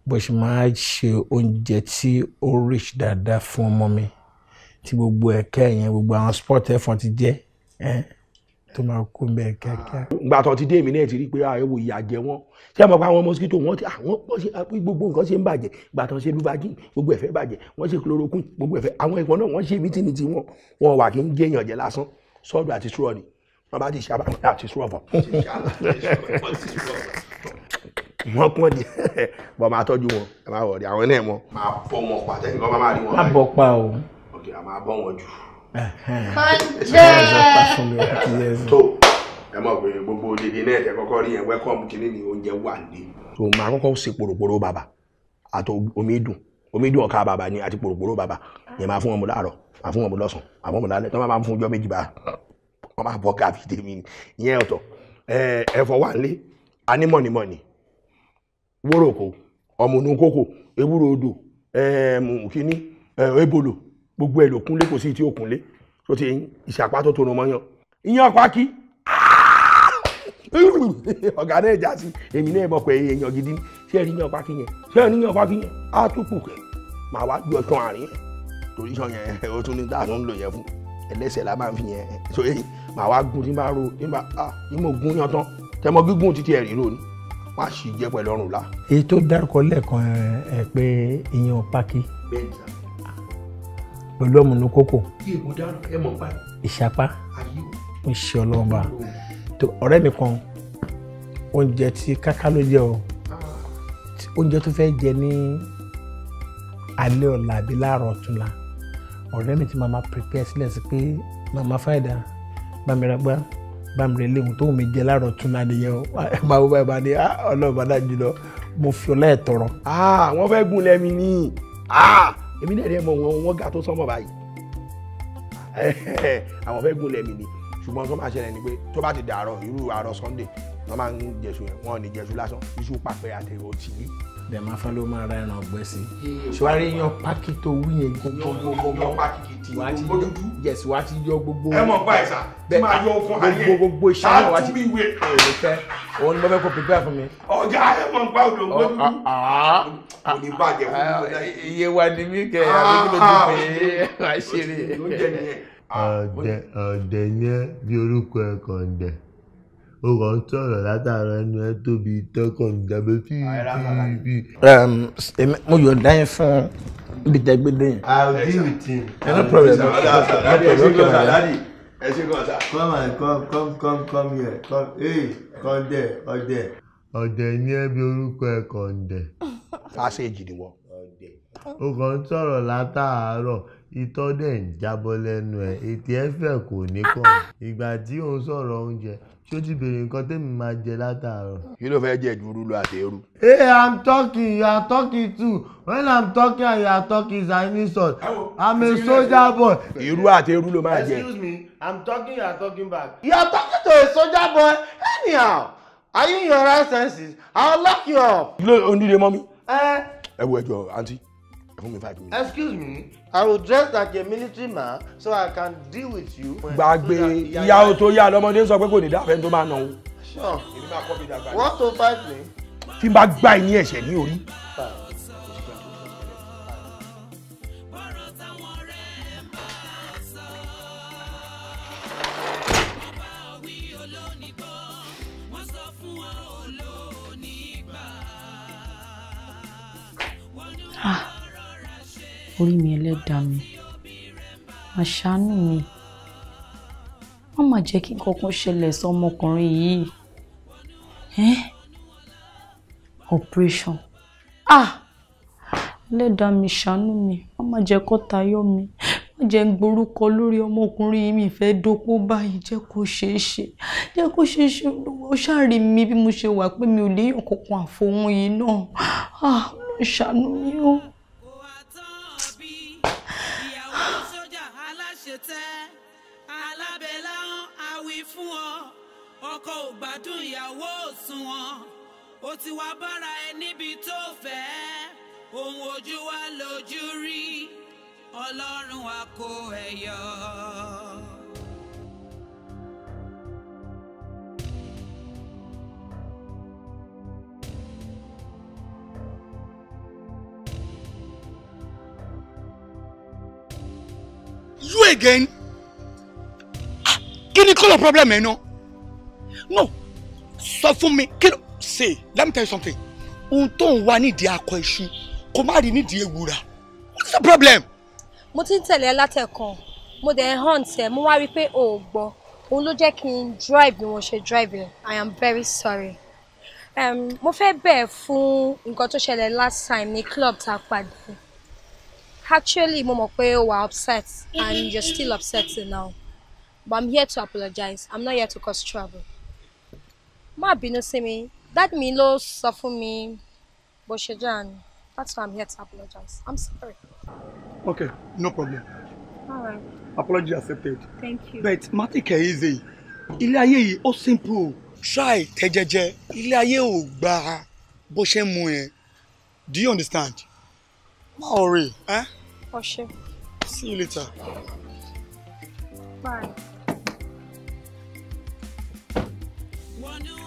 bó ṣe máa ṣe oúnjẹ tí ó rich dáadáa fún ọmọ mi tí gbogbo ẹ̀kẹ́ yẹn gbogbo àwọn sport ẹ̀fọn ti jẹ́. Eh? tó máa kú mbẹ kíákíá. Ah. ìgbà tó ti dé èmi náà ti rí i pé àyẹ̀wò ah, ìyà jẹ wọ́n tí a mọ̀ pé àwọn mosquito wọ́n ti àwọn ah, gbogbo nǹkan ṣe ń bàjẹ́ ìgbà tó ṣe lubagin gbogbo ẹ̀fẹ́ bàjẹ́ wọ́n ṣe chloroquine gbogbo ẹ̀fẹ́ àwọn ìwọ̀n náà wọ́n ṣe mí tìǹtì wọn wọn wà kí ń gé èèyàn jẹ lásán sọ́ọ̀dù àti sùrọ̀ọ̀nì wọn bá ti ṣe abáwọn àti sùrọ̀ọ̀fọ̀. wọ́n kún ọ̀dì bọ́ máa tọ́jú wọn ẹ máa wọ̀ ọ̀dì àwọn náà mọ́. máa bọ́ wọn pàtẹ́kì kọ́ máa rí wọn. má bọ́ pa o. ok a máa bọ́ wọn jù hundred. tó ẹ mọ̀ pé gbogbo dédé náà ẹ̀ kọ́kọ́ rí yẹn welcome ni oúnjẹ wà ní. tó máa kọ́kọ́ ṣe pòròpòrò bàbà àti omi ni àti pòròpòrò bàbà yẹn máa fún wọn mu láàárọ̀ máa fún wọn mu lọ́sàn máa fún wọn mu lálẹ́ tó máa máa fún ọjọ́ méjì bá wọn máa bọ́ káàfin tèmi yẹn ọ̀tọ̀ ẹ̀fọ́ wà anímọ̀nìmọ̀nì wóró kò ewúro odò kíní ebolo gbogbo ẹ̀ ló kúnlé kò sí tí ó kúnlé tó ti ìṣàpá tó tonu mọ́yàn ìyẹn ọ̀pá kí (laughs) ọ̀gá náà já sí èmi náà mọ̀ pé èèyàn gidi ṣé ẹ̀rí yàn pákí yẹn ṣé ẹ̀rí yàn pákí yẹn á tún kù kẹ́ màá wá gbé ọ̀tún àárín yẹn torí sàn yẹn (laughs) ó tún ní dáàánú ń lò yẹn fún ẹlẹ́sẹ̀ la máa ń fi yẹn so èyí màá wá gun tí bá ro tí bá a ah, tí mo gun yan tán tẹmọ gígùn títí ẹ̀rí ro ni wá sì jẹ́ pẹ̀lú ọrùn la. èyí tó dárúkọ lẹ́ẹ̀kan ẹ pé ìyẹn pákí. bẹ́ẹ̀ ni sá pẹ̀lú ọ̀mùnú kókò. ìṣapá ń ṣe ọlọ́run bá ọ̀rẹ́ mi kan oúnjẹ tí káká ló jẹ o ah. oúnjẹ tó fẹ́ jẹ ní alẹ́ ọ̀la àbí láàárọ̀ ọ̀túnla ọ̀rẹ́ mi ti máa ma prepare sílẹ̀ sí pé màmá fáìdà bàmíragbá bàmírẹ̀ léwu tóun mi jẹ láàárọ̀ ọ̀túnla nìyẹn o (laughs) máa wọ báyìí ah, bá ní ọlọ́ọ̀bá dájú lọ mo fi ọlá ẹ̀ tọrọ. àwọn ah, fẹ́ gúnlẹ̀ mi ní èmi náà rẹ mọ wọn wọn ga tó sọmọ báyìí (laughs) àwọn fẹ́ gúnlẹ̀ mi ni ṣùgbọ́n tó máa ṣẹlẹ̀ ni pé tó bá ti dàárọ̀ irú àárọ̀ Sunday wọ́n máa ń jẹ̀sùn yẹn wọ́n ò ní jẹ̀sùn lásán iṣu pàpẹ́ àtẹ̀wọ̀ tìlí dẹ̀ máa fá ló máa ra ẹran ọ̀gbẹ́ sí i ṣùwárí yan pákí tó wú yẹn gbogbogbò wàá ti yẹsì wàá ti yọ gbogbo ẹ mọ̀ bá ẹ̀ sà tí máa yọ okun ayé gbogbo iṣẹ́ náà wàá ti bí ìwé èrè fẹ́ òun ni mo fẹ́ kó prepare fún mi. ọ̀gá ẹ mọ̀ gbá odò ń gbójú kò ní bàjẹ́ fún mi. Ah, iye wa ni mí kẹ àbíkúlò ti pè é wàá ṣeré. ọ̀dẹ̀ ọ̀dẹ̀ yẹn bí orúkọ ẹ̀ kàn dẹ̀ ó kàn ń sọ̀rọ̀ látàrọ ẹnu ẹ tóbi tọkàn ìjàmbá fífi. Um, mo yọ̀ dáyé fún ibi tẹ gbé dé yẹn. deal with him. no problem. come on, come come come come here come hey come there ọdẹ. ọdẹ ní ẹbí orúkọ ẹ kàn dẹ. fásitì ìjìnlẹ̀ wọ. ó kàn ń sọ̀rọ̀ látàárọ̀. Itọ́ dẹ̀ ń jábọ́ lẹ́nu ẹ̀, ètè ẹ kò ní kàn. Ìgbà tí ó ń sọ̀rọ̀ oúnjẹ, ṣé o ti bèèrè nǹkan tí máa jẹ látàárọ̀? Kí ló fẹ́ jẹ ju rúlu àti Hey, I'm talking, you are talking too. When I'm talking and you are talking is an insult. I'm a soldier boy. Irú àti ló máa jẹ. Excuse me, I'm talking, you are talking back. You are talking to a soldier boy anyhow. Are you in your right senses? I'll lock you up. Ilé onílé mọ́ mi. Eh? Ẹ wo ẹjọ́ àǹtí home in five minutes. excuse me i will dress like a military man so i can deal with you. gbàgbé ìyàwó tó yá lọ́mọdé sọ pé kò ní dáfẹ́ tó máa nà ó. sure one to five ni. tí n bá gbá ẹ ní ẹ̀ṣẹ̀ ní orí. Ah orí mi ẹlẹ́dàá mi má mi má má jẹ́ kí kankan ṣẹlẹ̀ sọmọkùnrin yìí eh? operation ah ẹlẹ́dàá mi ṣàánú mi má má jẹ́ kó tayọ mi má jẹ́ ń gborúkọ lórí ọmọkùnrin yìí mi fẹ́ dópó báyìí jẹ́ kó ṣeé ṣe jẹ́ kó ṣeé ṣe olówó ṣáàrí mi bí mo ṣe wà pé mi ò léèyàn kankan àfohùn yìí náà ah ṣàánú mi o. Oh. ọkọ ò gbádùn ìyàwó òsùnwọ̀n ó ti wá bára ẹ tó fẹ́ ohun ojú wa lójú rí ọlọ́run wa kó ẹ You again? Ah, kí ni kọ́lọ̀ problem ẹ̀ náà? no sọ fún mi kí ló let me tell you something ohun tó ń wá nídìí akọ iṣu kó má rí nídìí ewúra what's the problem. mo ti ń tẹ̀lé látẹ̀kan mo dẹ̀ hàn tẹ̀ mo wá rí i pé o ò gbọ́ òun ló jẹ́ kí n drive bí wọ́n ṣe drive yẹn i am very sorry. Um, mo fẹ́ bẹ̀ẹ̀ fún nǹkan tó ṣẹlẹ̀ last time ní club tá pàdé actually mo mọ̀ pé o wà upset and you're still upset now but i'm here to apologize i'm not here to cause trouble. Ma bínú sí mi dad mi lo sọ fún mi bó ṣe jẹ́ àná that's why i'm here to apologize i'm sorry. okay no problem. all right. apology accepted. thank you. but má take easy ilé ayé yìí ó simple try tẹ́jẹ́jẹ́ ilé ayé ò gba bó ṣe ń yẹn do you understand? Ma o rè é. ọṣẹ. see you later. Bye. One, two,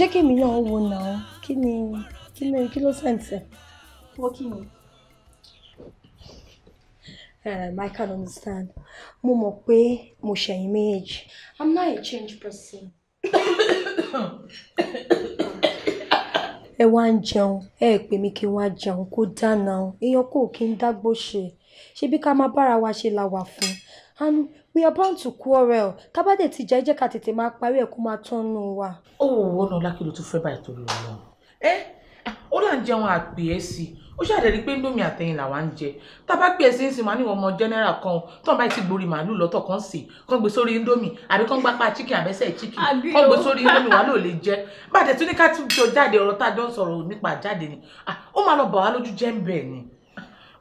jẹ́ kémi náà wò náà kí ni kí ni kí ló sẹ̀ǹsì. wọ́n kí ni. I can't understand. Mo mọ̀ pé mo ṣẹ̀yìn méjì. I'm not a change person. ẹ wá ń jẹun ẹ pè mí kí n wá jẹun kó dáná èèyàn kò kí n dágbó ṣe ṣebí ká má bára wa ṣe la wà fún we are bound to quarrel tá bá dẹ̀ ti jà jẹ́ ká tètè máa parí ẹ̀ kó máa tọ́nu wa. ó wò wọ́n náà lákì ló tún fẹ́ báyìí torí ọ̀la ẹ ó là ń jẹun àpè ẹ e sí ó ṣàdẹ̀rí pé ndómi àtẹ̀yìn làwa ń jẹ tá bá pè é e sí ìsìn ní ọmọ general kan tó ń bá ti gborí màálù lọ́tọ̀ kan sí kan gbé sórí ndómi àbí kan gbápá chicken àbẹ́sẹ̀ chicken kan gbé sórí ndómi wà ló lè jẹ bàtẹ̀ tún ní ká tún jọ jáde ọ̀rọ̀ tá a jọ ń sọ̀rọ̀ nípa jáde ni ó máa lọ bà wá lójú jẹ́ ń bẹ̀ ni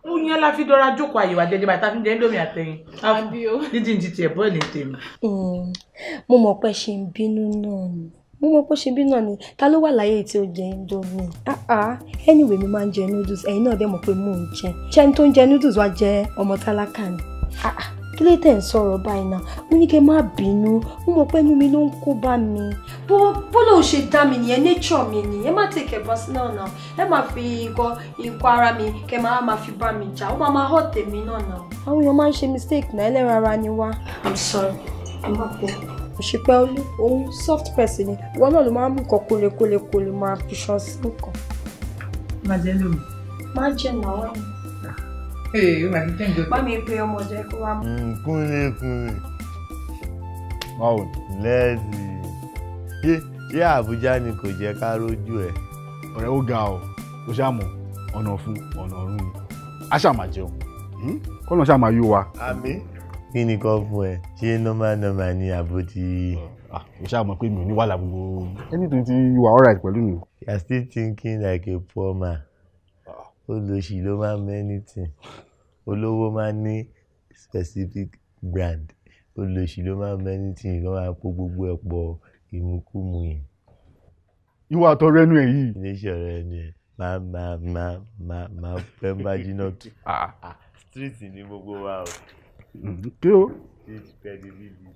mo yẹn la fi dọ́ra jókòó àyèwà jẹjẹ bàtà fi jẹ indomie àtẹyìn dídì ní titi ẹ̀bọ́ ìlẹ̀ tèmi. Hmm, mo mọ̀ pé ṣe ń bínú náà ni mo mọ̀ pé ṣe bínú náà ni ta ló wà láyé tí ó jẹ indomie ah, ah. anyway mi máa ń jẹ noodles ẹ̀yin náà dẹ̀ mọ̀ pé mò ń jẹ ṣẹ́ni tó ń jẹ noodles wá jẹ́ ọmọ tálákà ni. Ah, kí ló tẹ̀ ń sọ̀rọ̀ báyìí náà mo ní kẹ́ má bínú mo mọ̀ pé inú mi ló ń kó bá mi. bó bó lòun ṣe dá mi nìyẹn nature mi nìyẹn má take it personal náà ẹ má fi nǹkan nǹkan ara mi kẹ́ máa má fi bá mi jà ó máa máa hot tèmi náà náà. àwọn èèyàn máa ń ṣe mistake náà ẹlẹ́ran ara ni wá. i'm sorry i'm happy òṣìpẹ́ olú òun soft person ni ìwọ náà ló máa ń mú nǹkan kólékólékólé máa fi ṣan sí nǹkan. má jẹ́ lómi. má jẹ́ nàá wẹ́yìn. Ee, o máa ti jẹ́ ìjọba. Bá mi pe ọmọdé kó wá mú. Kúnlé kúnlé. Báwo lẹ́ẹ̀dì? Ṣé ṣé Àbújá ni kò jẹ́ ká girl. ẹ̀? Ọ̀rẹ́ ó ga ọ̀, girl. ṣàmọ̀ ọ̀nà fún ọ̀nà ọ̀run ni. A ṣàmà jẹun. Hmm? Kọ́nà ṣàmà yó wa. Àmín. Kí ni kò fún ẹ? Ṣé normal normal ni àbó ti? Ó ah, ṣàmọ̀ pé mi ò ní wàhálà gbogbo. Anything ti wà alright pẹ̀lú mi. You are still thinking like a poor man olòṣì ló máa ń mọ anything olówó máa ń ní specific brand olòṣì ló máa ń mọ anything ló máa po gbogbo ẹ̀ pọ̀ ìmúkúmu yìí. ìwà àtọ̀rẹ́ nu ẹ̀ yìí. iléeṣẹ́ ọ̀rẹ́ ni ẹ̀ máa máa máa máa máa fẹ́ bá jiná tù. Ah. Ah, street ni gbogbo wa o. kí o. street pẹ̀lú bíbí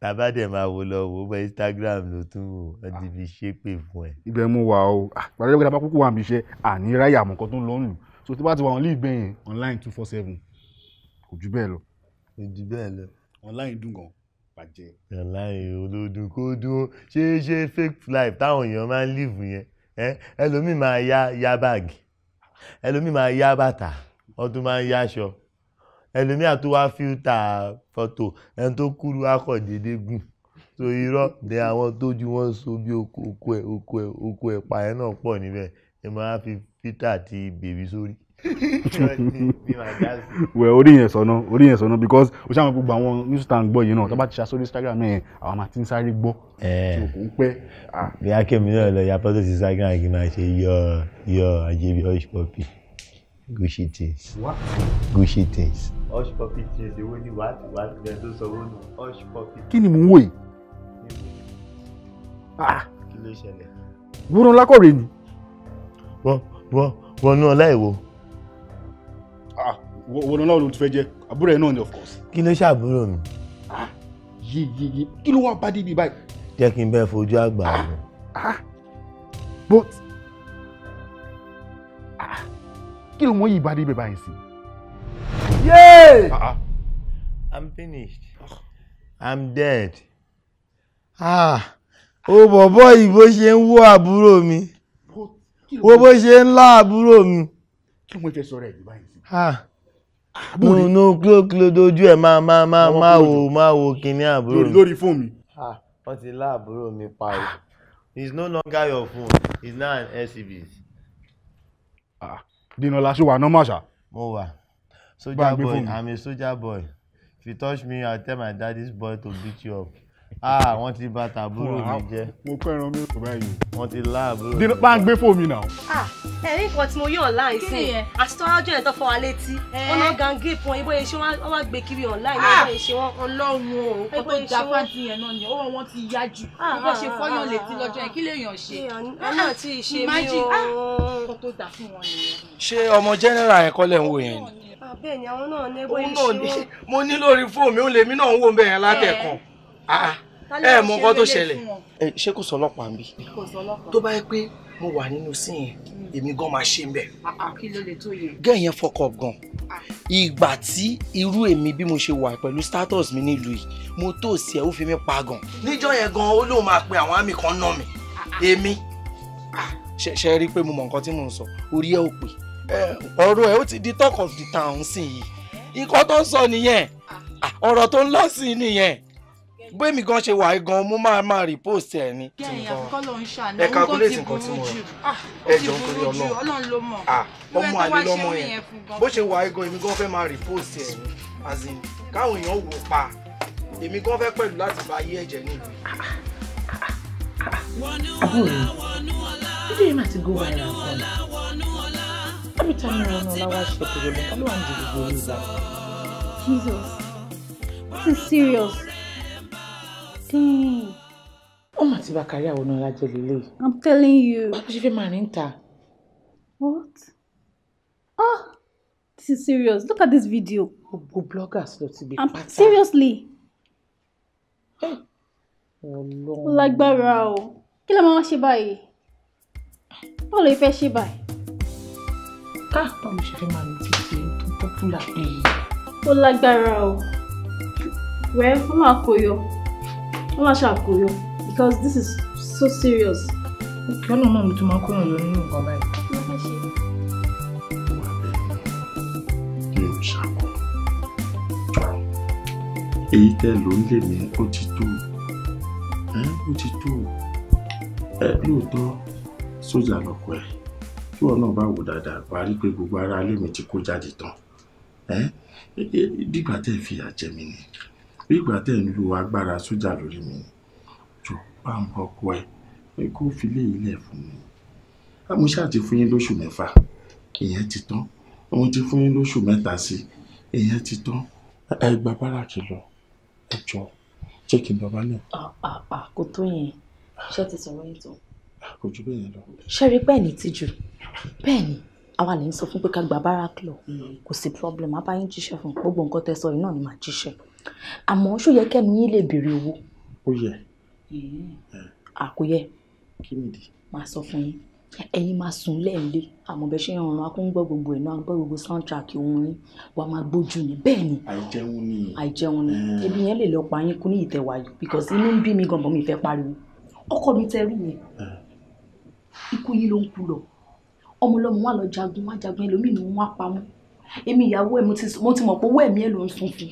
tàbá dẹ̀ máa wo lọ wo bẹ́ẹ̀ instagram ló tún wò wọ́n ti fi ṣépè fún ẹ. ibẹ̀ mú wa o àgbàdo ìgbàdàbà kúkú wà mí iṣẹ́ àní ráyà àmọ́ kan tó ń lọ nù so tí bá ti wà wọn leave bẹ́ẹ̀ yẹn online two four seven kò jù bẹ́ẹ̀ lọ. kò jù bẹ́ẹ̀ lọ. online dùn gan bàjẹ́. online olódùn kó dúró ṣé ṣé fake life táwọn èèyàn máa ń live yẹn ẹlòmíì máa yá yá báàgì ẹlòmíì máa yá bàtà ọdún máa ń yáṣọ ẹlòmíà tó wá fíltà fọ́tò ẹni tó kúrú akọ̀dédé gùn so irọ́ ni àwọn tójú wọn so bí oko ẹ̀ oko ẹ̀ oko ẹ̀ pààyàn náà pọ̀ níbẹ̀ ẹ máa fi fítà ti bèbí sórí. wẹ orí yẹn sọnà orí yẹn sọnà because o ṣe àwọn gbogbo àwọn news stand gbọ́ yìí náà tó bá ti ṣá sórí Instagram yẹn àwọn máa ti ń sáré gbọ́ eh. tí o kò ń pẹ́. bí akẹ́mi náà lọ ya pọ́tò sí Instagram kì í máa ṣe yọ yọ àjẹbí hush puppy gushy things gushy things hush puppy trade owó ní wàá tí wàá tilẹ̀ tó sanwó nù hush puppy. kí ni mò ń wò yìí. kí ló ṣẹlẹ̀. gbóná lákọ̀rẹ́ ni. wọ́n wọ́n wọ́n náà láì wo. Ah, wọ́n náà ló ti fẹ́ jẹ́ àbúrò ẹ̀ náà ni of course. kí ló ṣàbúrò mi. Ah, yí yí yí kí ló wá bá débi báyìí. jẹ́ kí n bẹ́ẹ̀ fojú àgbà rẹ̀. Ah, bó kí ló mọ yìí bá báyìí sí i. Yay! Ah, ah, I'm finished. Ah. I'm dead. Ah, ó bọ̀bọ̀ yìí bó ṣe ń wọ́ àbúrò mi. Wo bó ṣe ń lá àbúrò mi. Kí wọ́n fẹ́ sọ̀rọ̀ ẹ̀yìn báyìí sí. Ah, no no kúló kúló dojú ẹ̀ máa máa máa máa wo máa wo kinní àbúrò mi. Lórí fóònù mi. Ah, wọ́n ti lá àbúrò mi pa o. It's no longer your phone, it's now an SUV. Ah, Dinola ṣe wà nọ́mọ̀ ṣá. Mo wà soldier boy i'm a soldier boy if you touch me i'll tell my daddy's boy to beat you up ah wọ́n ti bà tàbúrò mi jẹ́. mo kọ́ ẹran mi kò báyìí. wọ́n ti lá àbúrò mi. bá ń gbé fóònù mi nà. Ah, ẹ̀rí nǹkan tí mo yí online sí i àti tọ́wọ́ ọjọ́ yẹn tó fọ́ wa létí wọn náà gan gé fún ibóyè ṣé wọ́n wá gbé kiri online ní ibóyè ah! ṣé wọ́n. ọlọ́run o nǹkan tó ga fáǹtì yẹn náà yẹn ó wọ́n ti yá jù ah, bó ṣe fọ́yàn létí lọ́jọ́ yẹn kí lèèyàn ṣe. ọ̀nà tí ì ṣe mí o. ṣé ọmọ general yẹn kọ́ lẹ́ ń wò yẹn ni. Ah, bẹ́ẹ̀ ni àwọn náà ní bóyá ìṣirò. mo ní lórí fóònù mi ó lèmi náà ń wò bẹ́ẹ̀ yẹn látẹ̀kàn eh. ah, ẹ mọ nǹkan tó ṣẹlẹ̀. Eh, ṣé kò sọ ọlọ́pàá mi tó bá yẹ pé mo wà nínú sí yẹn hmm. èmi gan máa ṣe mbẹ. Ah, kí ló lè tó yẹ. gẹ́ẹ̀ yẹn fọkọ gan ìgbà tí irú èmi bí mo ṣe wà pẹ̀lú status mi nílùú yìí mo tó sí ẹ̀ ó fi mí pa gan. níjọ́ yẹn gan ó lóun máa pe àwọn àmì kan ná mi èmi ṣe rí i pé mo mọ nǹkan tí mò ń sọ orí ẹ ò pè. Eh, ọ̀rọ̀ ẹ̀ ó ti di talk of the town sí i ikọ́ tó ń sọ nìyẹn ah, ọ̀rọ̀ tó ń lọ sí i nìyẹn bẹ́ẹ̀mi gan ṣe wà gan mo máa máa repost ẹ̀ ni. ẹ calculate nǹkan tí mo rà ẹ jọ ń torí ọlọ́run ọmọ àlè ah, lọ́mọ yẹn bó ṣe wà gan èmi gan fẹ́ máa repost ẹ̀ ni as in káwọn èèyàn wò pa èmi gan fẹ́ pẹ̀lú láti bá yé ẹ̀jẹ̀ ní ìlú. àbúrò ilé yìí mà ti go viral fún mi every time wọn náà wá Jesus this is serious. dang. ó mà ti bá kárí àwọn ọ̀nà I'm telling you. báwo ṣe fẹ́ what? oh, this is serious look at this video. gbogbo bloggers ló ti di pátá. seriously. ọlọ́run. ó lágbára o kí ló máa wá ṣe báyìí báwo ló fẹ́ ṣe báyìí ká báwo ṣe fẹ́ máa lò títí tó pọ́pùlà bẹ́ẹ̀. ó lágbára o wẹ́ wọ́n máa kó yọ máa ṣàkóyọ because this is so serious. lọ́nà náà mo tún máa kóyàn yọ nínú nǹkan báyìí. èyí tẹ́ ló ń lè ní ó ti tó ó ti tó ẹ lóòótọ́ sójà lọ́kọ ẹ̀ tí wọn náà bá wò dáadáa wàá rí i pé gbogbo ara ilé mi ti kó jáde tán dìgbà tẹ́ ẹ̀ fi àjẹ mi ni dìgbà tẹ́ ẹ̀ ń lo agbára sójà lórí mi ni jọ bá ń bọ ọkọ ẹ kó fi lé ilẹ̀ fún mi mo ṣáà ti fún yín lóṣù mẹ́fà ìyẹn ti tán òun ti fún yín lóṣù mẹ́ta sí ìyẹn ti tán ẹ gba báràkì lọ ẹ jọ jẹ́ kí n lọ bá náà. kò tó yẹn ṣé ti sọ̀rọ̀ yìí tó ojú bẹ́ẹ̀ yẹn lọ. ṣẹ́rí bẹ́ẹ̀ ni tíjú bẹ́ẹ̀ ni àwa lè ń sọ fún pé ká gba bárak lọ hmm. kò sí problem a bá yín jíṣẹ́ fún gbogbo nǹkan tẹ́ sọ yìí náà ni màá jíṣẹ́ àmọ́ ṣó yẹ kẹ́nu yín lè béèrè owó. ó yẹ. Hmm. Hmm. àkóyẹ máa sọ fún yín ẹ̀yin máa sùn lẹ́ẹ̀lé àmọ́ bẹ́ẹ̀ ṣe ń rọrùn akóńgbọ́ gbogbo ẹ̀ náà agbọ́ gbogbo soundtrack òun yín wà á máa gbójú ni bẹ́ẹ̀ ni àìjẹun ni àìjẹun ni ebi yẹn lè lọ pa yín kú ní ìtẹ̀wá yìí because inú ń bí mi gan-an mi fẹ́ pariwo ọkọ mi tẹ rí yẹn ikú yìí ló ń kú lọ ọmọ ọlọ́mọ wa lọ jagun wá jagun ẹlòmíì ni wọ́n á pamọ́ èmi ìyàwó ẹ̀ mo ti mọ̀ pé owó ẹ̀mí ẹ̀ ló ń sun fún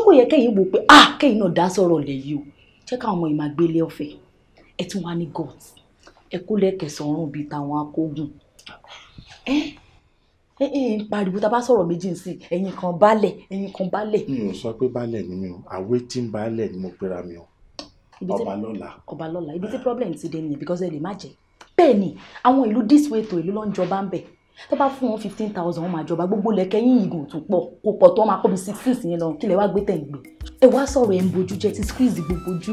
ṣé yẹ kẹ́yìn wò pé ah kẹ́yìn náà dá sọ̀rọ̀ lẹ̀ yìí o jẹ́ káwọn ọmọ yìí máa gbélé ọ̀fẹ́ ẹ tún wá ní gods ẹ kó lẹ́kẹ̀sán ọ̀run bíi tàwọn akógun ẹ ẹ ń pariwo tá a bá sọ̀rọ̀ méjì sí ẹ̀yin kan baálẹ̀ ẹ̀yin kan baálẹ̀. mi ò sọ pé baálẹ̀ ni mi o àwé tí ń baálẹ̀ ni mo pera mi o ọba lọ́la. ọba lọ́la ibi tí problem ti dé nìyẹn because ẹ lè má jẹ́ bẹ́ẹ̀ ni àwọn ìlú this way to ìlú ló ń jọba ń bẹ̀ tó bá fún wọn fifteen thousand wọn máa jọba gbogbo lẹ̀kẹ́ yín ìgò tó pọ̀ kò pọ̀ tó wọn máa kọ́ bí sixteen sí yẹn lọ kílẹ̀ wá gbé tẹ̀ ń gbé ẹ wá sọ̀rọ̀ ẹ̀ ń bojú jẹ́ ti squeeze gbogbo ojú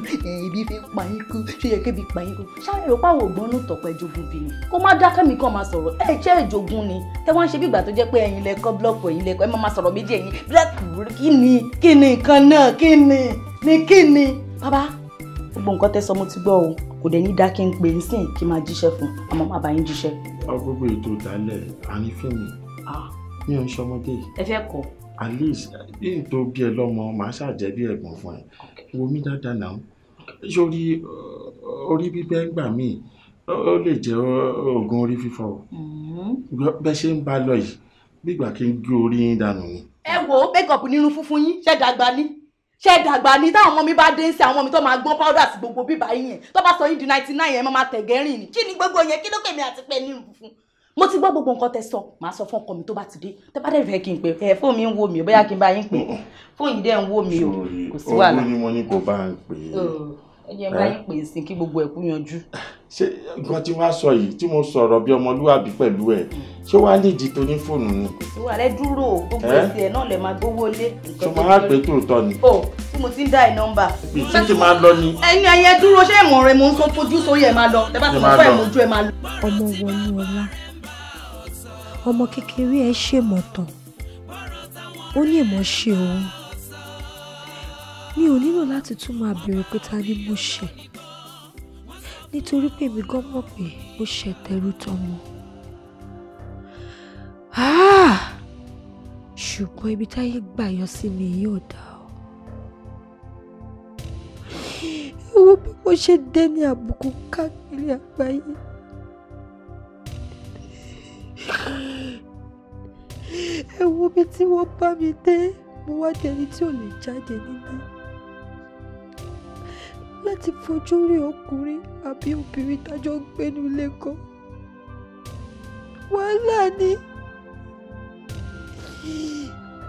ibi fi ń pa yín kú ṣé yẹ kébi pa yín kú ṣáà rò páwọ̀ ògbọ́n ló tọ̀pẹ́ jogun bí ni kó má dákẹ́ mi kàn máa sọ̀rọ̀ ẹ jẹ́ ìjogun ni tẹ wá ń ṣe bí ìgbà tó jẹ́ pé ẹ̀yin lẹ́kọ́ blọ́ọ̀kù ẹ̀yin black kí ni kí ni nǹkan gbogbo nǹkan tẹ́ sọ mo ti gbọ́ o kò dẹ̀ ní dá kí n pè é sìn kí n máa jíṣẹ́ fún àmọ́ má bàa yín jíṣẹ́. gbogbo ètò ìdálẹ̀ àrífín mi mi ò ń ṣọmọdé. ẹ fẹ́ kọ́. at least bí n tó bí ẹ lọ́mọ màá ṣàjẹ́ ẹ̀gbọ́n fún ẹ wo mi dáadáa náà sórí orí bíbẹ́ ń gbà míì ó lè jẹ́ oògùn orí fífọ́ mm-hmm. bẹ́ẹ̀ ṣe ń bá lọ yìí bí ìgbà kí n gé orí yín dànù ni. ẹ wo make nínú funfun yín ṣẹ́dàgbà ni ṣe dàgbà ni táwọn ọmọ mi bá dé ń ṣe àwọn ọmọ mi tó máa gbọ́n powder sí gbogbo bíbá yín yẹn tó bá sọ yín di ninety nine yẹn máa tẹ̀gẹ́ rìn ni. kí ni gbogbo yẹn kí ló pè mí àti pé ní ìbùfún. mo ti gbọ́ gbogbo nǹkan tẹ sọ màá sọ fún ọkọ mi tó bá ti dé tẹ bá dẹ̀ fẹ́ kí n pè é fóònù mi ń wò mí bóyá kí n bá yín pè é (laughs) fóònù yìí dẹ̀ ń wò mí o kò sí wàhálà. owó ni mo ní kò bá ń pè é oh ẹ jẹ́ bá yín pè sí kí gbogbo ẹ̀kú yanjú. ṣé nǹkan tí wọ́n á sọ yìí tí mo sọ̀rọ̀ bí ọmọlúwàbí pẹ̀lú ẹ̀ ṣé wàá lè di toní fóònù ni. ìwà rẹ dúró gbogbo èsì ẹ náà lè máa gbówó lé. ṣé mo máa pè tòótọ́ ni. o tí mo ti ń dá ẹ nọ́mbà. ṣé kí n máa lọ ni. ẹni ẹyẹ dúró ṣé ìmọ̀ rẹ mo ń sọ tójú sórí ẹ máa lọ ẹ bá ti mọ fún ẹ mojú ẹ máa lọ. ọmọ wọnú ọlá ọmọ kékeré ẹ ṣèmọ̀tàn ó ní ìmọ̀ ṣe òun mi ò nílò láti tún máa béèrè pé ta ni mo ṣẹ̀ nítorí pé èmi gan mọ̀ pé mo ṣẹ̀ tẹrú tọmọ. Ah! ṣùgbọ́n ibi táyé gbà yọ sí mi yóò dá o. owó bí mo ṣe dẹ́ni àbùkù káàkiri àgbáyé. ẹ wo bí tí wọ́n bá mi dé mo wá dẹni tí ò lè jáde nílé láti fojú rí ọkùnrin àbí obìnrin tájọ ń gbénu ilé kan wàhálà ni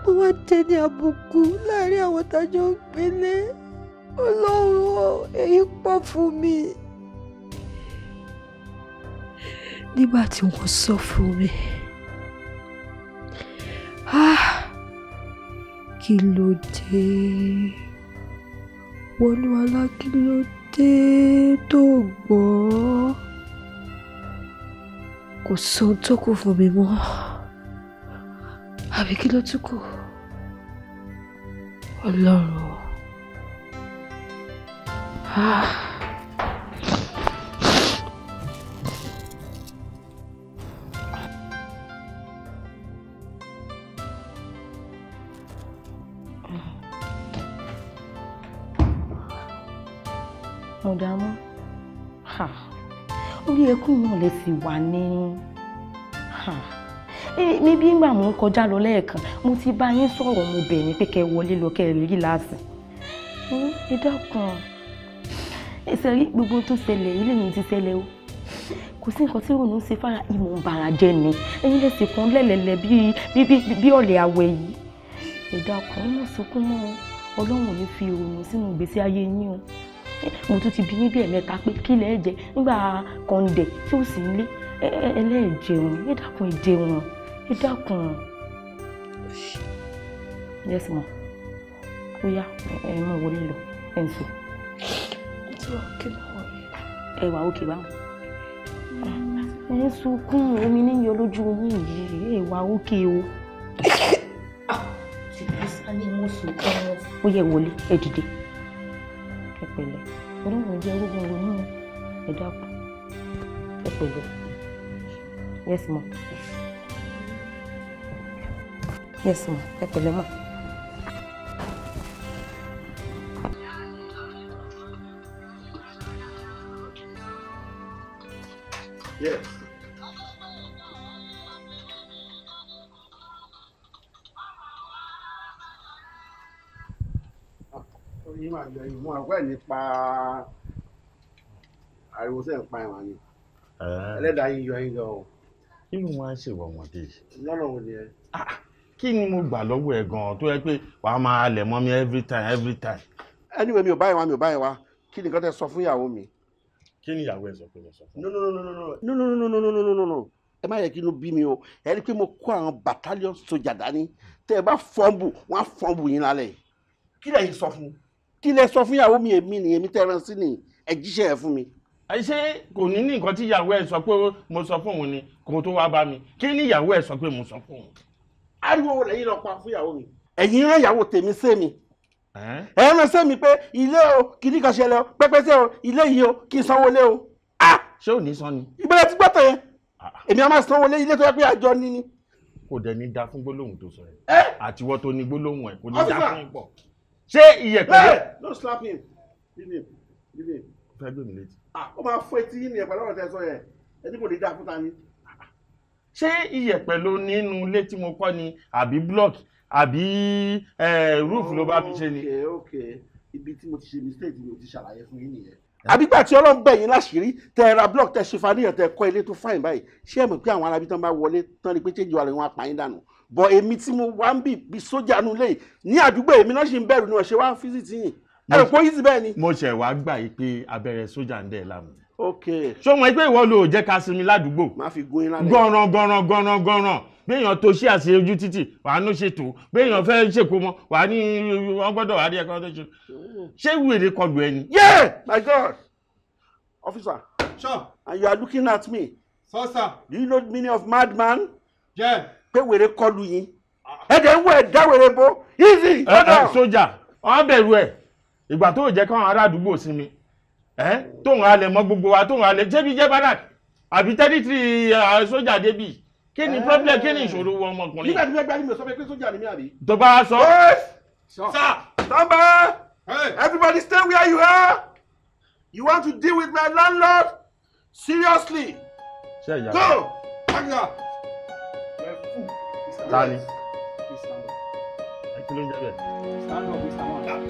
mo wá tẹni àbùkù láàrin àwọn tájọ ń gbélé ọlọ́run èyí pọ̀ fún mi. nígbà tí wọ́n sọ fún mi ah, kí ló dé wọnúọlá kí ló dé tó gbọ́ kò sóhun tó kù fún mi mọ́ àbí kí ló tún kù ọlọ́run ah. ẹkún dààmú orí ẹkún náà lè sì wà ní mi bí ngbà mò ń kọjá lọ lẹ́ẹ̀kan mo ti bá yín sọ̀rọ̀ mo bẹ̀ yín pé kẹ́ wọlé lọ kẹ́ rí láàsì ẹ dákun ẹsẹ̀ rí gbogbo tó ṣẹlẹ̀ ilé mi ti ṣẹlẹ̀ o kò sí nǹkan tí rònú ṣe fara ìmọ̀ ń bara jẹ́ ni ẹ̀yin lè sìnkún lẹ́lẹ̀lẹ̀ bí ọ̀lẹ̀ àwẹ̀ yìí ẹ dákun ẹ mọ̀ sunkún mọ́ ọlọ́run ò ní fi òòrùn sínú ìgbésí ayé yín o mo tún ti bí yín bí ẹ̀mẹ́ta pé kí lẹ jẹ nígbà kọ̀ǹdẹ̀ tí ò sí ilé ẹlẹ́ẹ̀jẹun ẹ dákun ẹ jẹun ẹ dákun. yes ma ó yá ẹ mọ wọlé lọ ẹ ń sùn. ó ti wà òkè báwọn. ẹ wà òkè báwọn. ẹ ń sunkún omi níyọ lójú yín yìí ẹ wà òkè o. ṣùgbọ́n ah, sani mo sùn kọ́ wọn. ó yẹ wọlé ẹ dìde pẹ̀lẹ́ ọlọ́run jẹ́ gbogbo ronú ẹ dákun ẹ pẹ̀lẹ́ yes ma yes ma ẹ pẹ̀lẹ́ ma. Yes. yín máa jẹ ìmú ariwo sẹ́yìn pa ẹ̀wọ̀n ni ẹlẹ́dàá yín yọ yín lọ kí ló ń wá ṣèwọ ọmọdé yìí. lọ́nà wo ni ẹ. kí ni mo gbà lọ́wọ́ ẹ̀ gan-an tó yẹ pé wà á máa lẹ̀ mọ́ mi every time every time. anyway mi ò báyìí wá mi ò báyìí wá kí ni nǹkan sọ fún ìyàwó mi. kí ni ìyàwó ẹ sọ pé mo sọ fún. no no no no no no no ẹ má yẹ kí inú bí mi o ẹ rí i pé mo kó àwọn battalion sójà dání tẹ́ ẹ bá fọ́ǹbù wọ́n á fọ́ǹbù yín lálẹ́ kí lẹ́yìn sọ fún un kí lẹ sọ fún ìyàwó mi èmi nìyẹn mi tẹran sí ni ẹ jíṣẹ́ ẹ fún mi. ṣé kò ní ní nǹkan tí ìyàwó ẹ sọ pé mo sọ fún òun ni kò tó wá bá mi kí ni ìyàwó ẹ sọ pé mo sọ fún òun. ariwo lẹ́yìn lọ pa fún ìyàwó mi. ẹ̀yin rán ìyàwó tèmi sé mi ẹ rán sẹ́mi pé ilé o kìíní kan ṣẹlẹ̀ o pẹ́pẹ́sẹ́ o ilé yìí o kí n sanwó lé o. ṣé ò ní san ni. ìbẹ̀rẹ̀ ti gbọ́tọ̀ yẹn èmi a máa sanwó lé ilé tó yẹ pé àjọ ní ni. kò dẹ̀ ní da fún gbólóhùn tó sọ yẹn àtiwọ́ tó ní gbólóhùn ẹ̀ kò ní da fún pọ̀ ṣé iyẹ̀pẹ̀ ló. no slap him Give him Give him. Ah, o fẹ́ gbé mi létí. Ah, ó máa fọ etí yín ní ẹ̀pẹ̀ lọ́rọ̀ tẹ sọ yẹn ẹni kò lè dá fúnta ni. ṣé iyẹ̀pẹ̀ ló nínú ilé tí mo kọ́ ni àbí block àbí roof ló bá fi ṣe ni. ok ok ibi tí mo ti ṣe mistake mi ò ti ṣàlàyé fún yín nìyẹn àbígbà tí ọlọ́run bẹ̀ yín láṣìírí tẹ ẹ ra block tẹ ṣe faniyan tẹ kọ́ ilé tó fáyìn báyìí ṣé ẹ mọ̀ pé àwọn arábí tán bá wọlé tán ni pé change wà lóyún apààyàn dànù bọ̀ èmi tí mo wá ń bì bí sójà nulẹ̀ ní àdúgbò èmi náà ṣì ń bẹ̀rù ni wọ́n ṣe wá fíìsìtì yìí ẹ̀rọ kó yìí sí bẹ́ẹ̀ ni. mo ṣẹ̀ wá gbà yìí pé abẹ́rẹ́ sójà ń dẹ̀ láàmú. ok ṣé wọn pé ìwọ ló jẹ́ ká sinmi ládùúgbò. má fi gun iná lẹ́yìn. gọ̀ràn gọ̀ràn gọ̀ràn gọ̀ràn béèyàn tó ṣí àṣẹ ojú títì wàá ní ṣètò béèyàn fẹ́ ṣèkó mọ́ wàá ní ọgbọ́dọ̀ wàá rí ẹ̀kọ́ tó ṣe. yeah my god officer. sure. and you are looking at me. sir sir. do you know the meaning of madman. yeah pé wèrè kọlù yín ah, ah. ẹ̀dẹ̀ ń wọ ẹ̀dá wèrè bo easy. ẹ ẹ sójà wọn bẹ̀rù ẹ̀ ìgbà tó jẹ́ káwọn ará àdúgbò sinmi ẹ tóun alẹ̀ mọ gbogbo wa tóun alẹ̀ jẹ́bi jẹ́ barak àbí tẹ́rìtì sójà débì kí ni problem kí ni ìṣòro wọ ọmọkùnrin. nígbà tí wọ́n gbá mi sọ pé sójà ni mí àbí. tó bá a sọ. sir tamba everybody stay where you are you want to deal with my landlord seriously go tani. Stand up, stand up.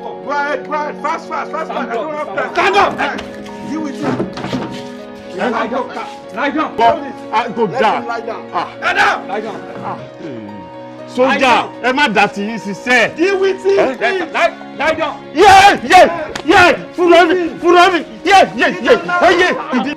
Go ahead, go ahead, fast, fast, fast, fast. I don't have time. Stand up! with you. Lie down. Lie down. Ah, go, go ah. down. Lie down. Ah. Lie down. Lie down. Soldier, Emma, that's dà sí yín ṣiṣẹ́. Deal with him. Eh? Lie down. Yeah, yeah, yeah. Fúnra mi, fúnra mi. Yeah, yeah, yeah. Oye, ìdí.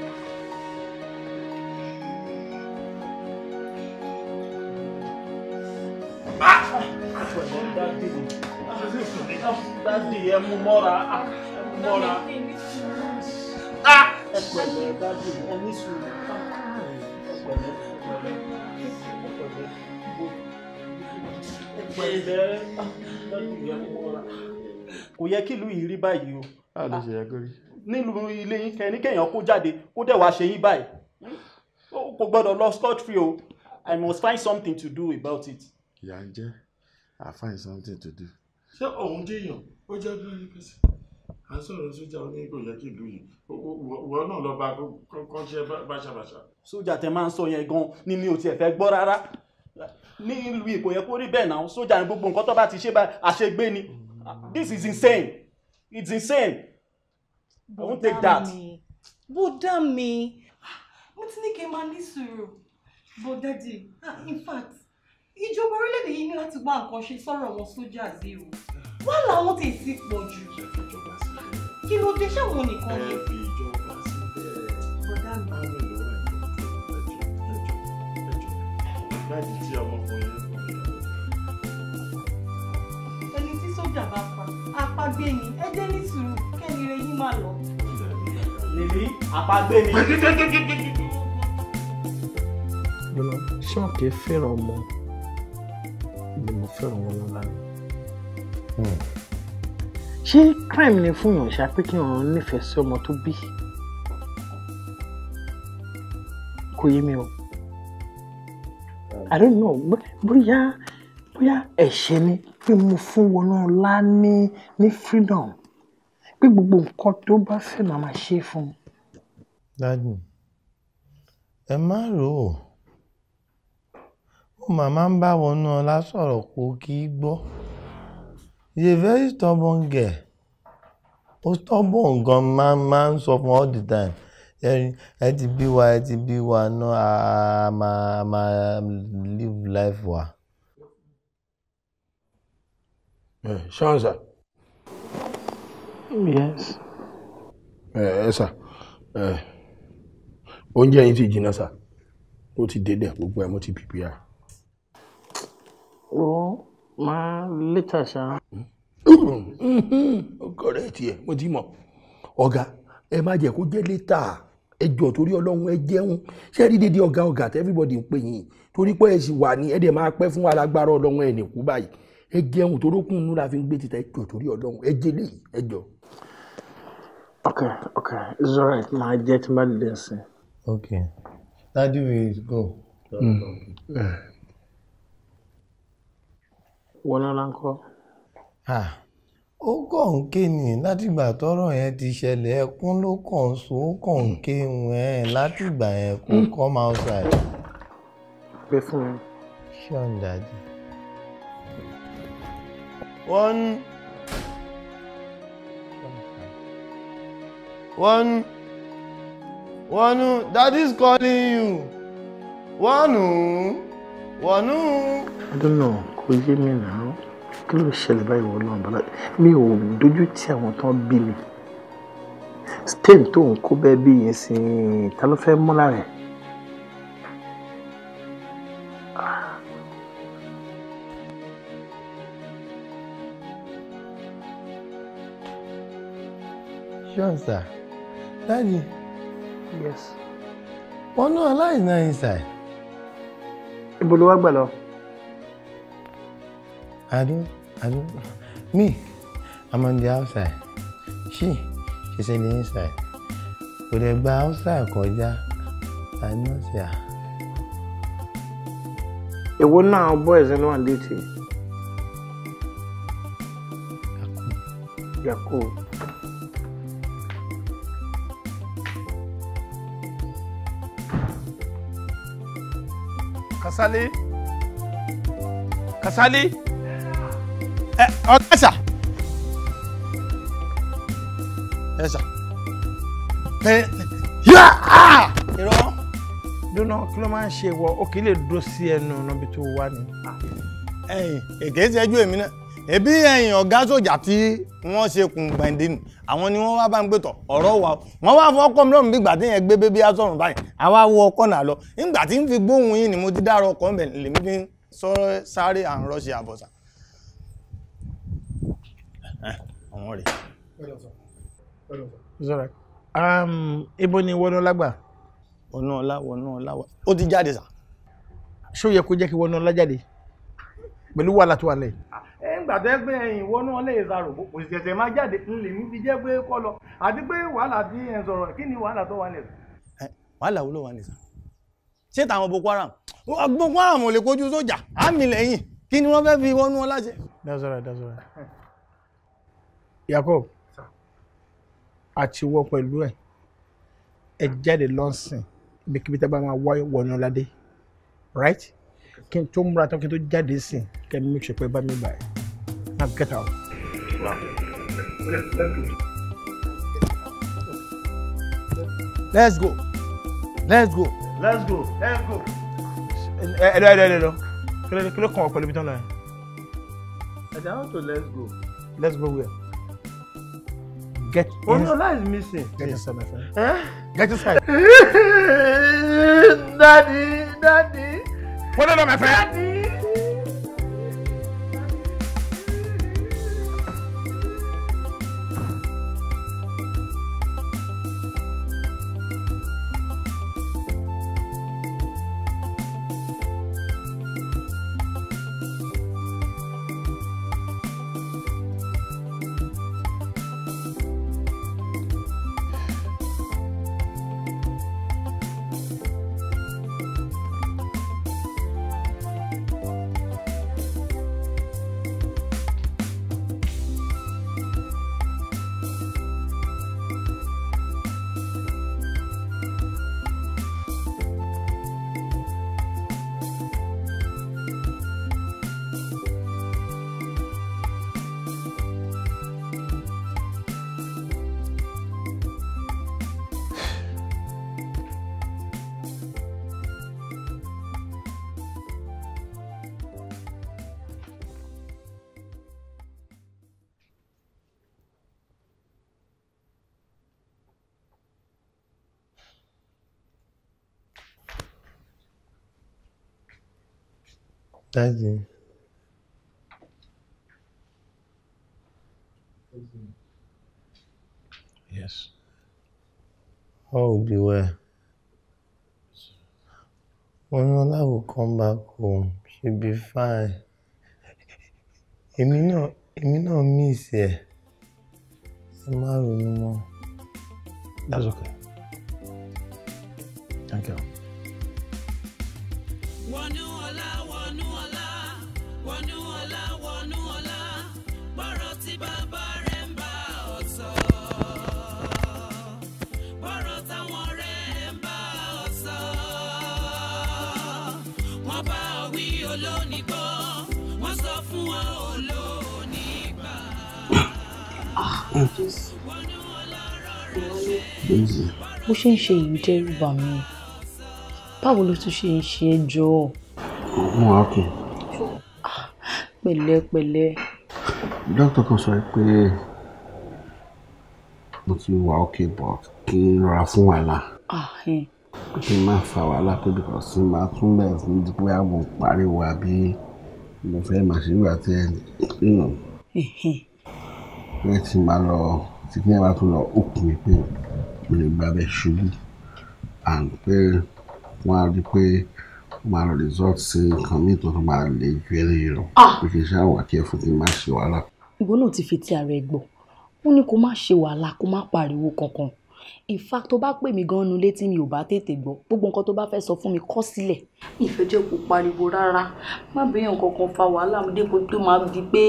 ẹ mú mọ́ra ẹ ah, mú mọ́ra ẹ ah! pẹ̀lẹ́ ẹ bá dùn ẹ ní sùúrù ẹ pẹ̀lẹ́ ẹ pẹ̀lẹ́ ẹ pẹ̀lẹ́ ẹ pẹ̀lẹ́ ẹ mú mọ́ra. kò yẹ kí ìlú yìí rí báyìí o. nílùú ilé yín kẹ́ni kéèyàn kó jáde kó dẹ̀ wá ṣe yín báyìí kò gbọ́dọ̀ lọ scot free o I must find something to do about it. ìyá ń jẹ́ I find something to do. ṣé òun jẹ́yàn ó jẹ́ bí pèsè à ń sọ̀rọ̀ sójà ó ní yẹ kí ìlú yìí wọ́n náà lọ́ọ́ bá kọ́ ṣe báṣabàṣà. sójà tẹ máa ń sọ yẹn gan ni mi ò tiẹ̀ fẹ́ gbọ́ rárá ní ìlú ìkò yẹ kó rí bẹ́ẹ̀ náà sójà ní gbogbo nǹkan tó bá ti ṣe bá àṣegbé ni this is insane it's insane i won't take that. bùdá mi mo ti ní kí n máa ní sùúrù bó dádì ah, in fact ìjọba orílẹ̀-èdè yìí ní láti wá nǹkan ṣe sọ̀rọ̀ wọn sójà sí o wọ́n làwọn ti ti pọ̀ jù kí ló dé ṣáwọn nìkan ni. bọ̀dá mi. láti tí ọmọkùnrin ẹni tí sójà bá pa apagbé ni ẹ jẹ́ ní sùúrù kẹ́ni rẹ yín máa lọ. nìlí apagbé ni. ṣọ́ọ̀kì fẹ́ràn ọmọ ni mo fẹ́ràn wọn lọ́la ni ṣé crime ni fún yàn ṣá pé kí wọn nífẹ̀ẹ́ sí ọmọ tó bí kò yé mi o i don't know bóyá bóyá ẹ̀ṣẹ̀ ni pé mo fún wọnú ọlá ní ní freedom pé gbogbo nǹkan tó bá fẹ́ màá máa ṣe fún un. dájú ẹ má rò ó ó màmá ń bá wọnú ọlá sọ̀rọ̀ kó kí í gbọ́. He's a very stubborn girl. Ó stubborn gan máa máa ń sọ fún all the time. Ẹ ti bí wa, ẹ ti bí wa náà, a máa máa live life wa. Ṣọ́n sà. Yes. Ẹ ẹ sà, oúnjẹ yìí ti jìnnà sà, ó ti dédé gbogbo ẹ̀ mo ti pìpìyà. Wọ́n máa létà ṣá. (coughs) ọkọrẹ tiẹ mo ti mọ ọ̀gá ẹ má jẹ́ kó jẹ́ létà ẹ jọ torí Ọlọ́run ẹ jẹun ṣé rí dédé ọ̀gá ọ̀gá tí everybody ń pè yín torí pé ẹ sì wà ní ẹ dẹ máa pẹ́ fún alágbára Ọlọ́run ẹ nìkú báyìí ẹ jẹun torókùn nù la fi ń gbé títa ẹ torí Ọlọ́run ẹ jẹ léyìí ẹ jọ. okay okay it's alright maa jẹ tí n bá lè dẹ sí. okay daddy will go. Mm. Mm wọlọ́lá ń ó kàn ń ké ni látìgbà tọ́rọ̀ yẹn ti ṣẹlẹ̀ ẹkún ló kàn ń sun ó kàn ń ké wọn látìgbà yẹn kó come outside. pé fún mi. ṣọ́ọ̀n dàdí. one. one. one. is calling you. one. one. I don't know kò yé mi náà kí ló ṣẹlẹ̀ báyìí wọ́n náà bọ́lá mi ò dojú tí àwọn tán bí mi spain tó ń kó bẹ́ẹ̀ bí yẹn sí ta ló fẹ́ mú lára ẹ̀. John sir, Daddy. Yes. Wọ́n náà aláìsàn inside. Ibo ló wá gbà lọ? I do, I do. Me, I'm on the outside. She, she's in the inside. Kò dẹ̀ gba outside kọjá, I know say ah. Èwo náà boys ẹni wà létí? Yakub. Yakub. Kasali. Kasali ọ̀gá ẹ̀sà ẹ̀sà ẹ̀ yá á. irọ́ dúnà kí ló máa ń ṣe ìwọ ó kì í lè dúró sí ẹnu ọ̀nà ibi tó wà ní. Ah. ẹ̀yin èké ṣe ẹjọ́ èmi náà ẹbí ẹ̀yin ọ̀gá sójà tí wọ́n ṣe kùn gbẹ̀ǹdé nù àwọn ni wọ́n wá bá ń gbé tọ̀ ọ̀rọ̀ wa wọ́n wá fọ́ ọkọ mi lọ́rùn bí gbàdé yẹn gbé bébí asọ̀rùn báyìí àwa wọ ọkọ náà lọ nígbà tí ń fi gbóhùn yín ni mo ti dárò ọkọ mi ọ̀wọ́n eh, um, ibo ni wọnúọlá gbà. wọnúọlá wọnúọlá wà ó ti jáde sà. pẹ̀lú wàhálà tó wà lẹ̀. ẹ ń gbàdọ́ pé ẹ̀yìn wọnúọlá yẹn sàrò máa jáde jẹ́ pé kọ́ lọ wàhálà ẹ̀ ń sọ̀rọ̀ kí ni wàhálà tó wà eh, wàhálà wà ṣé tàwọn Boko (laughs) Jacob àti wọ pẹ̀lú ẹ̀ ẹ jáde lọ́sìn ibikíbi tá a bá máa wá wọnú ládé right kí n tó múra tán kí n tó jáde sìn kẹ́ mi make sure bá mi bàyẹ̀ now get out. let's go let's go. let's go let's go. ẹ ẹ lọ ẹ lọ kí ló kàn ọ pẹ̀lú ibi tán lọ yẹn. I don't want let's go. let's go where. Get oh, inside. Onola is missing. Get inside, my friend. Eh? Get inside. (laughs) Daddy, daddy. What well, my friend? Daddy. Thank Yes. Oh beware. be well. Oníọlá will come back home. She'll be fine. Èmi náà èmi náà miss ẹ̀. Ẹ má ronú mọ́. That's okay. Thank you wọnú ọlá wọnú ọlá gbọ́rọ̀ tí bàbá rẹ̀ ń bá ọ sọ. gbọ́rọ̀ táwọn rẹ̀ ń bá bó ṣe ń ṣe èyí dẹ́rù bà báwo ló tún ṣe ń ṣe é jọ. ọmọ akùn pẹ̀lẹ́pẹ̀lẹ́. dókítà kan sọ pé mo ti wà ókè bọ̀ kí n rọra fún wàhálà ah, eh. kí n má fa wàhálà pé because n máa tún bẹ̀rẹ̀ fún dípò àbò pariwo àbí mo fẹ́ máa ṣe nígbà tí ẹ nù. ẹ ti máa lọ tí kí ẹ bá tún lọ òkun mi pé mo lè gba abẹ ṣubú and pé wọ́n á rí i pé máa lọ resort sí nǹkan míì tó tún máa lè ju eléyìí lọ ah! kò ṣe ṣáà wà kí ẹ fún kí n má ṣe wàhálà. ìwọ náà ti fi ti ara ẹ gbọ́ ó ní kó má ṣe wàhálà in fact tó bá pè mí gan-an nu létí mi ò bá tètè gbọ́ gbogbo nǹkan tó me fẹ́ sọ fún mi kọ sílẹ̀. ìfẹ́jẹ́ kò pariwo rárá má bẹ́yàn kankan fa wàhálà mi dépò tó máa di pé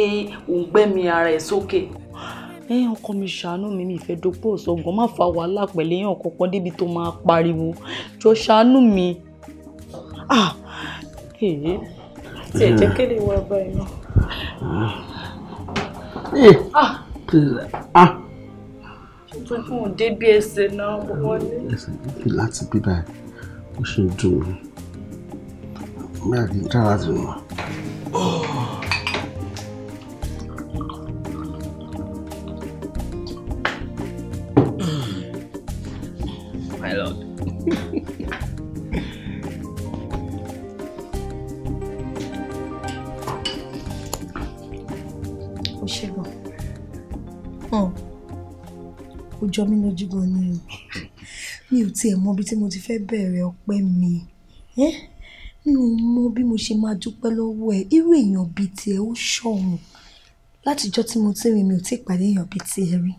òun gbẹ́mí ara ẹ̀ sókè. ẹ ọkọ mi ṣàánú mi mi ìfẹ́ dopò sọ̀gbọ́n má fa wàhálà pẹ̀lú èèyàn kankan débi tó máa pariwo jọ ṣàánú mi èyí tí ẹ jẹ́ kéde wá báyìí náà. ṣùgbọ́n fún òde bí ẹsẹ̀ náà wọlé. ẹsẹ̀ níbi láti bí báyìí ó ṣe dùn mí àbí dára dùn mí. jọ mí lójú gan ni o mi ò tiẹ̀ mọ ibi tí mo ti fẹ́ bẹ̀rẹ̀ ọpẹ́ mi mi ò mọ bí mo ṣe máa dúpẹ́ lọ́wọ́ ẹ irú èèyàn bíi tiẹ̀ ó ṣọ̀hún látijọ́ tí mo ti rìn mi ò tí ì pàdé èèyàn bíi tiẹ̀ rí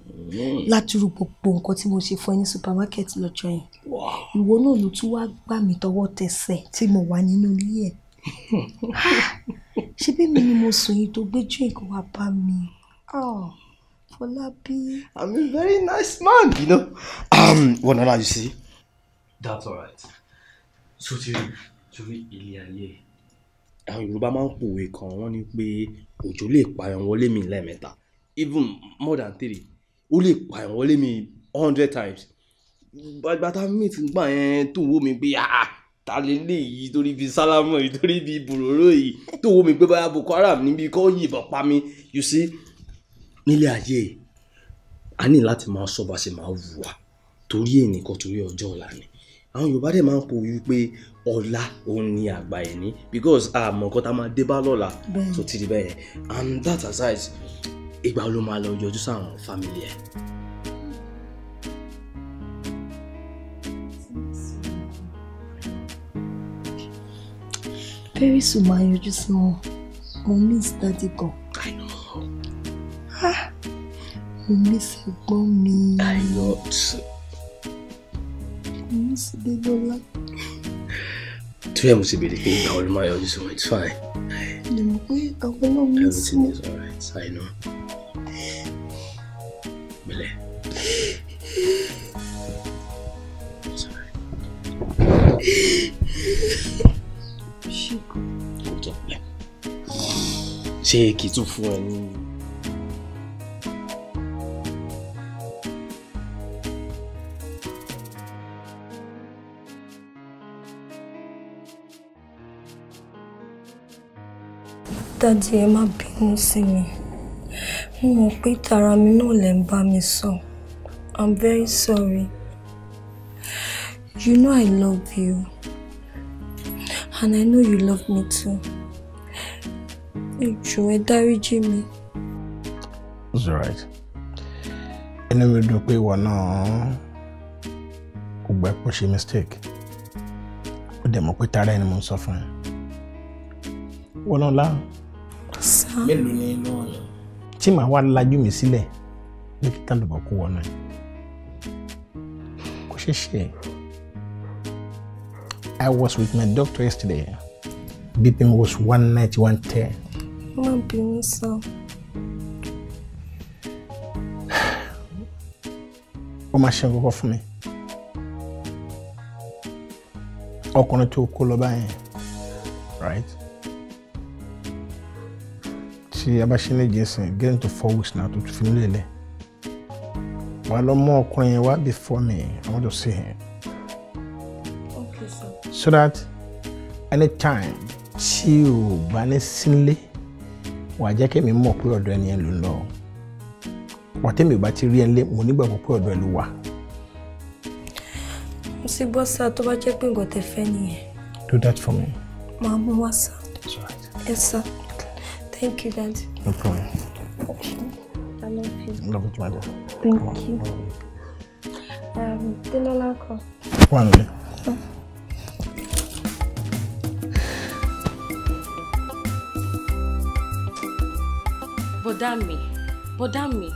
látúrú gbogbo nǹkan tí mo ṣe fún ẹ ní supermarket lọ́jọ́ yẹn ìwọ náà ló tún wá gbà mí tọwọ́ tẹsẹ̀ tí mo wà nínú ilé ẹ̀ (laughs) ṣebí mi ni mo sùn yìí tó gbé drink wá bá mi. Oh. Folabi. I'm a very nice man, you know. Um, what well, now you see? That's all right. So to to me, ayé. Àwọn Yorùbá máa man who kan wọ́n ní pé òjò lè pa ẹ̀wọ̀n wọlé mi lẹ́ẹ̀mẹ́ta even more than three ó lè pa ẹ̀wọ̀n wọlé mi hundred times. But but mìtì gbà yẹn tó wó mi pé ah, ta lè léyìí torí bíi sálámọ̀ yìí torí bíi bòròró yìí tó wó mi pé báyà Boko Haram níbi kọ́ yìnbọn pa you see nílé ayé a ní láti máa sọ bá ṣe máa wùwà torí ènìkan torí ọjọ́ ọ̀la ni àwọn yorùbá dẹ̀ máa ń pò wí pé ọ̀la òun ni àgbà ẹ̀ ní because àmọ́ nǹkan tá a máa dé bá lọ́la tó ti di bẹ́ẹ̀ and that aside ìgbà ló máa lọ yọjú sáwọn family ẹ̀. very soon máa yọjú sí wọn mo miss daddy gan mo miss ẹ̀gbọ́n mi. I know too. mo miss Débọ́lá. tí ẹ mo ti bèrè pé ìgbà wo ló máa it's fine. lè mọ̀ pé àwọn náà mi sí. everything is alright I know. bẹ̀lẹ̀. ṣé kì í tún fún ẹ ní. dájú ẹ má bínú sí mi mo mọ̀ pé tara mi náà lè ń bá mi sọ i'm very sorry you know i love you and i know you love me too ẹ jọ̀ọ́ ẹ dáríjì mi. it's alright inú mi dùn pé ìwọ náà kò gbà pé ó ṣe mistake ó dẹ̀ mọ̀ pé tara ẹni mo ń sọ fún ẹ wọ́n náà láàrún mélòó ni inú ọ̀yàn. tí màá wá lajú mi sílẹ̀ dókítà ló bọ̀ kó wọnú ẹ̀ kò ṣeé ṣe I was with my doctor yesterday BP was one ninety one ten. má bínú sàn. ó máa ṣe nǹkan kan fún mi ọkùnrin tó kó lọ báyẹn right ṣe abáṣẹ́lẹ̀ jẹ́sìn get into four weeks náà tó fi nílé lẹ̀ wà á lọ mú ọkùnrin yẹn wá before me I want to see him. Okay, so that anytime tí o bá ní sílé wà á jẹ́ kí èmi mọ̀ pé ọ̀dọ̀ ẹni ẹ ló ń lọ wàtẹ́mi ò bá ti rí ẹ lé mo nígbàgbọ́ pé ọ̀dọ̀ ẹ ló wà. mo sì gbọ́ sá tó bá jẹ́ pé nǹkan fẹ́ nìyẹn. do that for me. màá mú wá sá. ẹ sá. Thank you, Dad. No problem. I love you. Love you, my dear. Thank you. Um, dinner now, come. One minute. but damn me. bọ́dá mi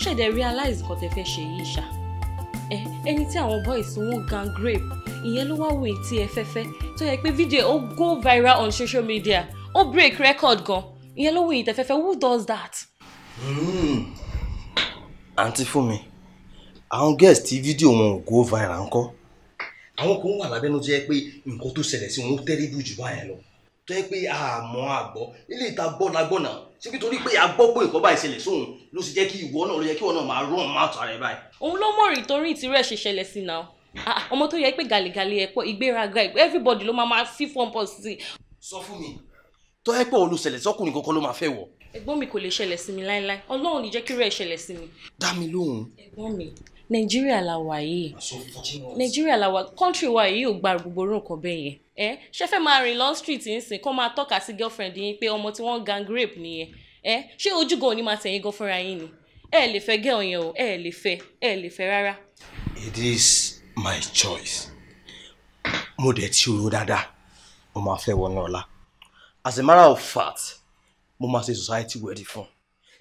ṣẹ̀dẹ̀ realize nǹkan tẹ fẹ́ ṣe yìí ṣá ẹ ẹni tí boys wọn gang rape in yellow, wá wò tí ẹ fẹ́fẹ́ tó yẹ pé fídíò go viral on social media ó break record go ìyẹn lówó ìtẹ̀fẹ́fẹ́ who does that. Hmm. àǹtí fún mi àwọn guest tí fídíò wọn ò go viral ńkọ́. àwọn kan wà lábẹ́nu tó yẹ pé nǹkan tó ṣẹlẹ̀ sí wọn ó tẹ́lẹ̀ bù jù báyẹn lọ tó yẹ pé àmọ́ àgbọ́ ilé ìta gbọ́ la gbọ́ náà síbi torí pé a gbọ́ pé nǹkan báyìí ṣẹlẹ̀ sóhun ló sì jẹ́ kí ìwọ náà ló yẹ kí ìwọ náà máa rán máa tọ́ ara ẹ báyìí. òun ló mọ̀ rí torí ìtirẹ̀ ṣe ṣẹlẹ̀ sí náà ah, ọmọ tó yẹ pé gàlẹ́gàlẹ́ ẹ̀pọ̀ ìgbéraga everybody ló máa máa fífọ́n pọ̀ sí. sọ fún mi tó yẹ pé òun ló ṣẹlẹ̀ sọ́kùnrin kankan ló máa fẹ́ wọ̀. ẹ̀gbọ́n mi kò lè ṣẹlẹ̀ sí mi láéláé ọlọ́run ní jẹ́ kí rẹ̀ ṣẹlẹ̀ sí mi. dá mi lóhùn. ẹ̀gbọ́n mi nàìjíríà la wà yìí nàìjíríà la wà kọ́ńtì wa yìí ò gba gbogbo orú nǹkan bẹ́ẹ̀ yẹn ẹ ṣe fẹ́ máa rìn long street nsìn kọ́ máa tọ́ka sí girlfriend yín pé ọmọ tí wọ́n gang rape nìyẹn ẹ ṣé ojú gan ni máa tẹ̀yìn gan fúnra yín ni ẹ lè fẹ́ gẹ́ ọ̀yàn o ẹ lè fẹ́ ẹ lè fẹ́ rárá. it is my choice mo dẹ̀ ti rò dáadáa mo máa fẹ́ wọnú ọ̀la as a matter of fact mo máa ṣe society ready for.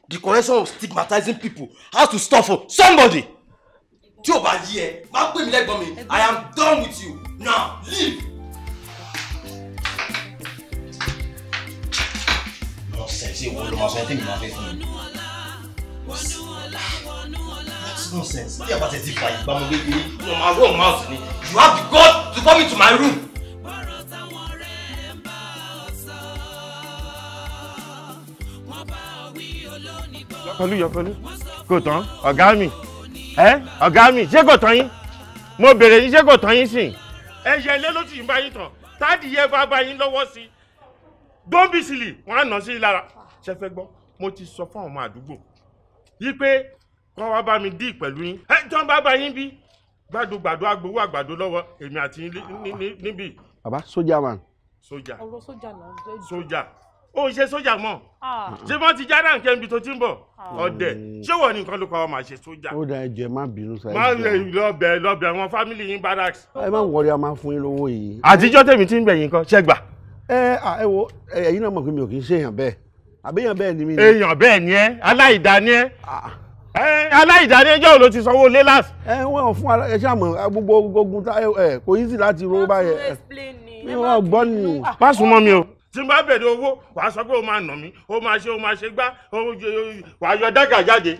the correction of stigmatizing people has to stop for somebody tí o bá yí ẹ má pè mí i am done with you now leave. nonsense ìwọ ló máa sọ ẹtí mi máa fẹ́ fún mi that's nonsense bí a bá tẹ̀ sí fàyè bá you have the God to come into my room. yọpẹlú yọpẹlú kò tán ọ̀gá mi ẹ ọ̀gá mi ṣé kò tán yín mo bèrè yín ṣé kò tán yín sìn. ẹyẹ ilé ló ti yín bá yín tàn táàdì yẹ bá bá yín lọ́wọ́ sí i dóńbìsìlì wọn á sí i lára ṣe fẹ́ gbọ́ mo ti sọ fún àwọn àdúgbò yí pé kọ́ wa bá mi dí pẹ̀lú yín ẹ tí wọ́n bá bá yín bí gbàdúgbàdú agbowó àgbàdo lọ́wọ́ èmi àti níbí. baba sójà wa. Soja. ọ̀rọ̀ sójà náà. sójà ó ń ṣe sójà mọ́ ah. ṣé wọ́n ti jáde àǹkẹ́ ibi tó ti ń bọ̀ ah. ọ̀dẹ̀ ṣé wọ́n ní nǹkan ló pa ọ́ máa ṣe sójà. ó da ẹ̀jẹ̀ má bínú sáyé. má lọ́bẹ̀ lọ́bẹ̀ àwọn fámìlì yín barracks. ẹ má wọrí a máa fún yín lówó yìí. àtijọ́ tèmi ti ń bẹ̀yìn kan ṣẹ́ gbà. ẹ ẹ wo ẹ̀yin náà mọ̀ pé mi ò kì í ṣe èèyàn bẹ́ẹ̀ àbẹ́yàn bẹ́ẹ̀ ni mí. èèyàn bẹ́ẹ̀ ni ẹ aláìdá ni ẹ aláìdánilẹ́jọ́ ló ti sanwó lelas. láti. ẹ wọ́n fún ẹ ṣáà mọ̀ gbogbo ogun kò yí sí láti ro báyẹn. mi ò gbọ́ nìyí. má sùn mọ́ mi o tí n bá bẹ̀rẹ̀ owó wàá sọ pé o máa nà mí o máa ṣe o máa ṣe gbá wàá yọ dága jáde.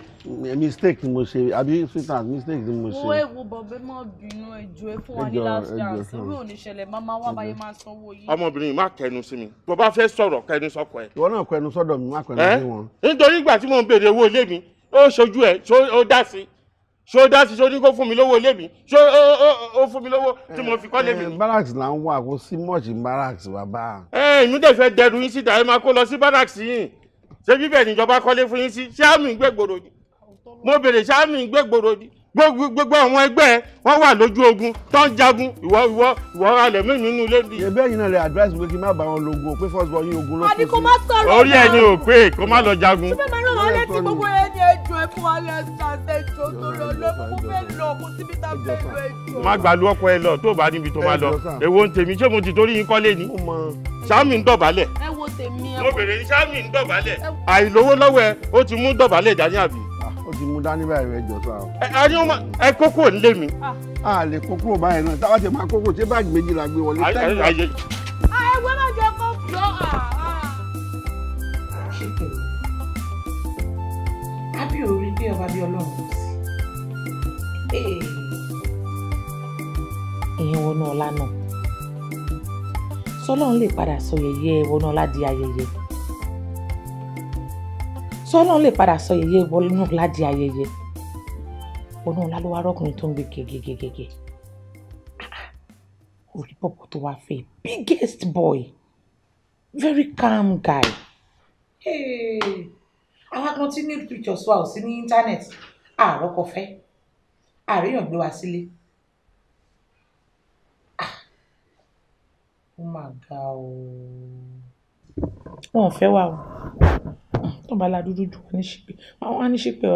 mistake ni mo ṣe àbí sweetheart mistake ni mo ṣe. owó ewu bọ̀bẹ má bínú ẹjọ́ ẹ fún wa ní last chance ìwé oníṣẹ̀lẹ̀ máma wá báyé máa sanwó yìí. ọmọbìnrin yìí má kẹnu sí mi bó bá fẹ́ sọ̀rọ̀ kẹnu sọkọ ẹ. ìwọ náà kẹnu sọ́dọ̀ mi má kẹnu sí wọn. nítorí ìgbà tí mo ń béèrè owó ilé mi ó ṣojú ẹ ó dá sí i ṣó dá sí ṣó ní kó fún mi lówó ilé mi ṣó ó fún mi lówó tí mo fi kọ́ lé mi. Eh, barracks là ń wà kó sí much barracks bàbá. ẹ eh, èmi dẹ̀ fẹ́ dẹrù yín síta ẹ máa kó lọ sí barracks yìí ṣé bíbẹ̀ níjọba kọ́lé fún yín sí ṣáàmì gbẹ̀gbòrò ni mo bèrè ṣáàmì gbẹ̀gbòrò ni gbogbo àwọn ẹgbẹ́ wọn wà lójú ogun tó ń jagun ìwọ ìwọ ìwọ ralẹ̀ mí nínú ilé bí. ẹ̀bẹ̀ yìí náà lè advice pé kí n má bá wọn lògùn pé first born yín ogun ló kù sí. àbí kó má sọ̀rọ̀ náà orí ẹ̀yin ò pé kó má lọ jagun. ṣé bẹ́ẹ̀ máa ń rán wọn létí gbogbo ẹni ẹjọ́ ẹ fún alẹ́ ṣàṣẹ ìjọ tó lọ lọ́kùn fẹ́ lọ kó síbi tá a fẹ́ lọ ẹjọ́. má gbàlú ọkọ ẹ lọ tó o bá níbi tó má lọ èwo ń tèmi ṣé mo ti torí yín kọ́lé ni sami ń dọ̀bálẹ̀. ẹ wo tèmi ẹ. mo bèrè ní sami ń dọ̀bálẹ̀. àìlówó lọ́wọ́ ẹ ó ti mú dọ̀bálẹ̀ dání àbí ó ti mú dání báyìí rẹ jọ sá o. a ní ọmọ ẹ kókó ń lé mi. Ah. a lè kókó báyìí náà táwa ti máa kókó ṣé báàgì méjì la gbé wọlé. ayé ẹgbẹ́ náà jẹ́ kó lọ. Ah, ah. ábí ò rí bí ọba bí ọlọ́run kò sí. ìyẹn wọnú ọlá náà sọlọ́run lè padà sọ yẹyẹ wọnú ọlá di ayẹyẹ sọ́nà lè padà sọ yẹyẹ ìwọlọ́nù ládi ayẹyẹ onú ńlá ló wá rọ́kùnrin tó ń gbé gegegege orí pọ̀pọ̀ tó wá fẹ́ biggest boy very calm guy. àwa kan tí nude pictures wa ò sí ní íńtánẹ́ẹ̀tì àròkọ fẹ́ àríyàn gbé wa sílé. ó ah, oh mà ga o. wọn ò fẹ́ wa o tó ń bá ládùúdú jù wọ́n ní ṣípẹ́ wọ́n á ní ṣípẹ́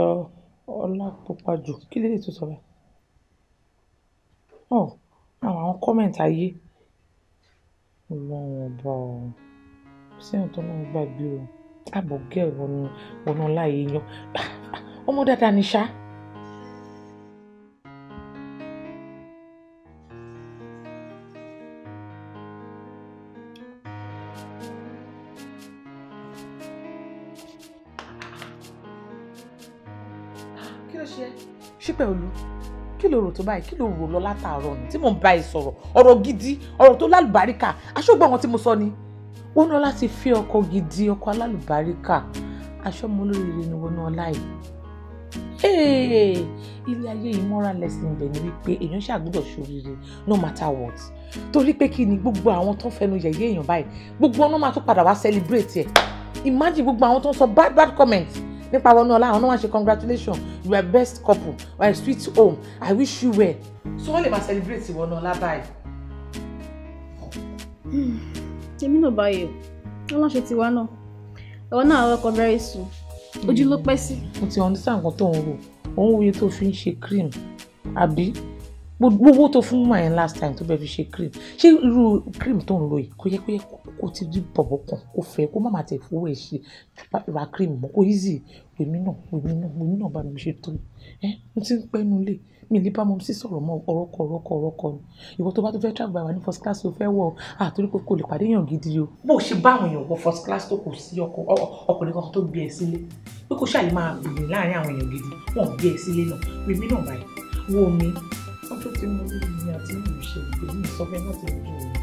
ọlápọ̀pá jù kí lè tó sọ bẹ́ẹ̀. ọ àwọn àwọn kọ́mẹ̀ntì ayé ọlọ́run ọba ọ sẹ́yìn tó náà gbàgbé o àbọ̀ gẹ́ẹ̀ wọnú wọnú láàyè yan (laughs) ọmọ dáadáa ni ṣáá. kí ló ṣe ṣípẹ́ olú kí ló rò tó báyìí kí ló rò lọ látàárọ̀ ni tí mò ń bá ẹ sọ̀rọ̀ ọ̀rọ̀ gidi ọ̀rọ̀ tó lálùbáríkà aṣọ́gbọ́n àwọn tí mo sọ ni wọ́n náà láti fi ọkọ gidi ọkọ alálùbáríkà aṣọ́mọ olóríire ni wọ́n náà láì ilé ayé ìmọ̀ra lẹ́sìn ibẹ̀ ni wípé èèyàn ṣàgbọ́dọ̀ ṣoríire no matter what torí pé kí ni gbogbo àwọn tó ń fẹnu yẹ̀yẹ́ èèyàn báyìí gbogbo ọ̀nà máa tún padà wá celebrate ẹ̀ imagine gbogbo àwọn tó ń sọ bad bad comments nípa wọnú ọlá àwọn náà wá ṣe congratulation you are best couple you are sweet home i wish you well so wọ́n lè máa celebrate wọnú ọlá báyìí. Hmm, èmi náà báyìí o ọlọ́ṣẹ́ tiwa náà ẹ̀wọ́ náà àwọn ọkọ̀ very soon ojú ló pẹ́ sí. mo ti understand nǹkan tó ń rò òun wo iye tó fi ń ṣe cream àbí gbogbo owó tó fún mọ̀ ẹ́ last time tó bẹ́ẹ̀ fi ṣe cream ṣé irú cream tó ń lo yìí kò yẹ kó yẹ kó ti di bọ̀bọ̀ kan kó fẹ́ kó má máa tẹ̀ fowó ẹ̀ ṣe ra cream mọ́ kó easy èmi náà èmi náà èmi náà bá mi ṣe tó ẹ mo ti ń pẹ́ nu lé mi lè bá mọ sí sọ̀rọ̀ mọ́ ọ̀rọ̀kọ̀ ọ̀rọ̀kọ̀ ọ̀rọ̀kọ̀ ni ìwọ tó bá tó fẹ́ travel wa ní first class tó fẹ́ wọ̀ àtúrí pé kò lè pàdé èèyàn gidi o. bó o ṣe bá àwọn èèyàn wọ first class tó kù sí ọkùnrin kan tó gbé ẹ sílé pé kò ṣàlè máa bìnrin láàrin àwọn èèyàn gidi wọn gbé ẹ sílé náà rèmi náà báyìí wo mi ọjọ́ tí mo rí ìyá tí mo ṣe ìgbéyìí sọ fẹ́ láti ojú rẹ̀.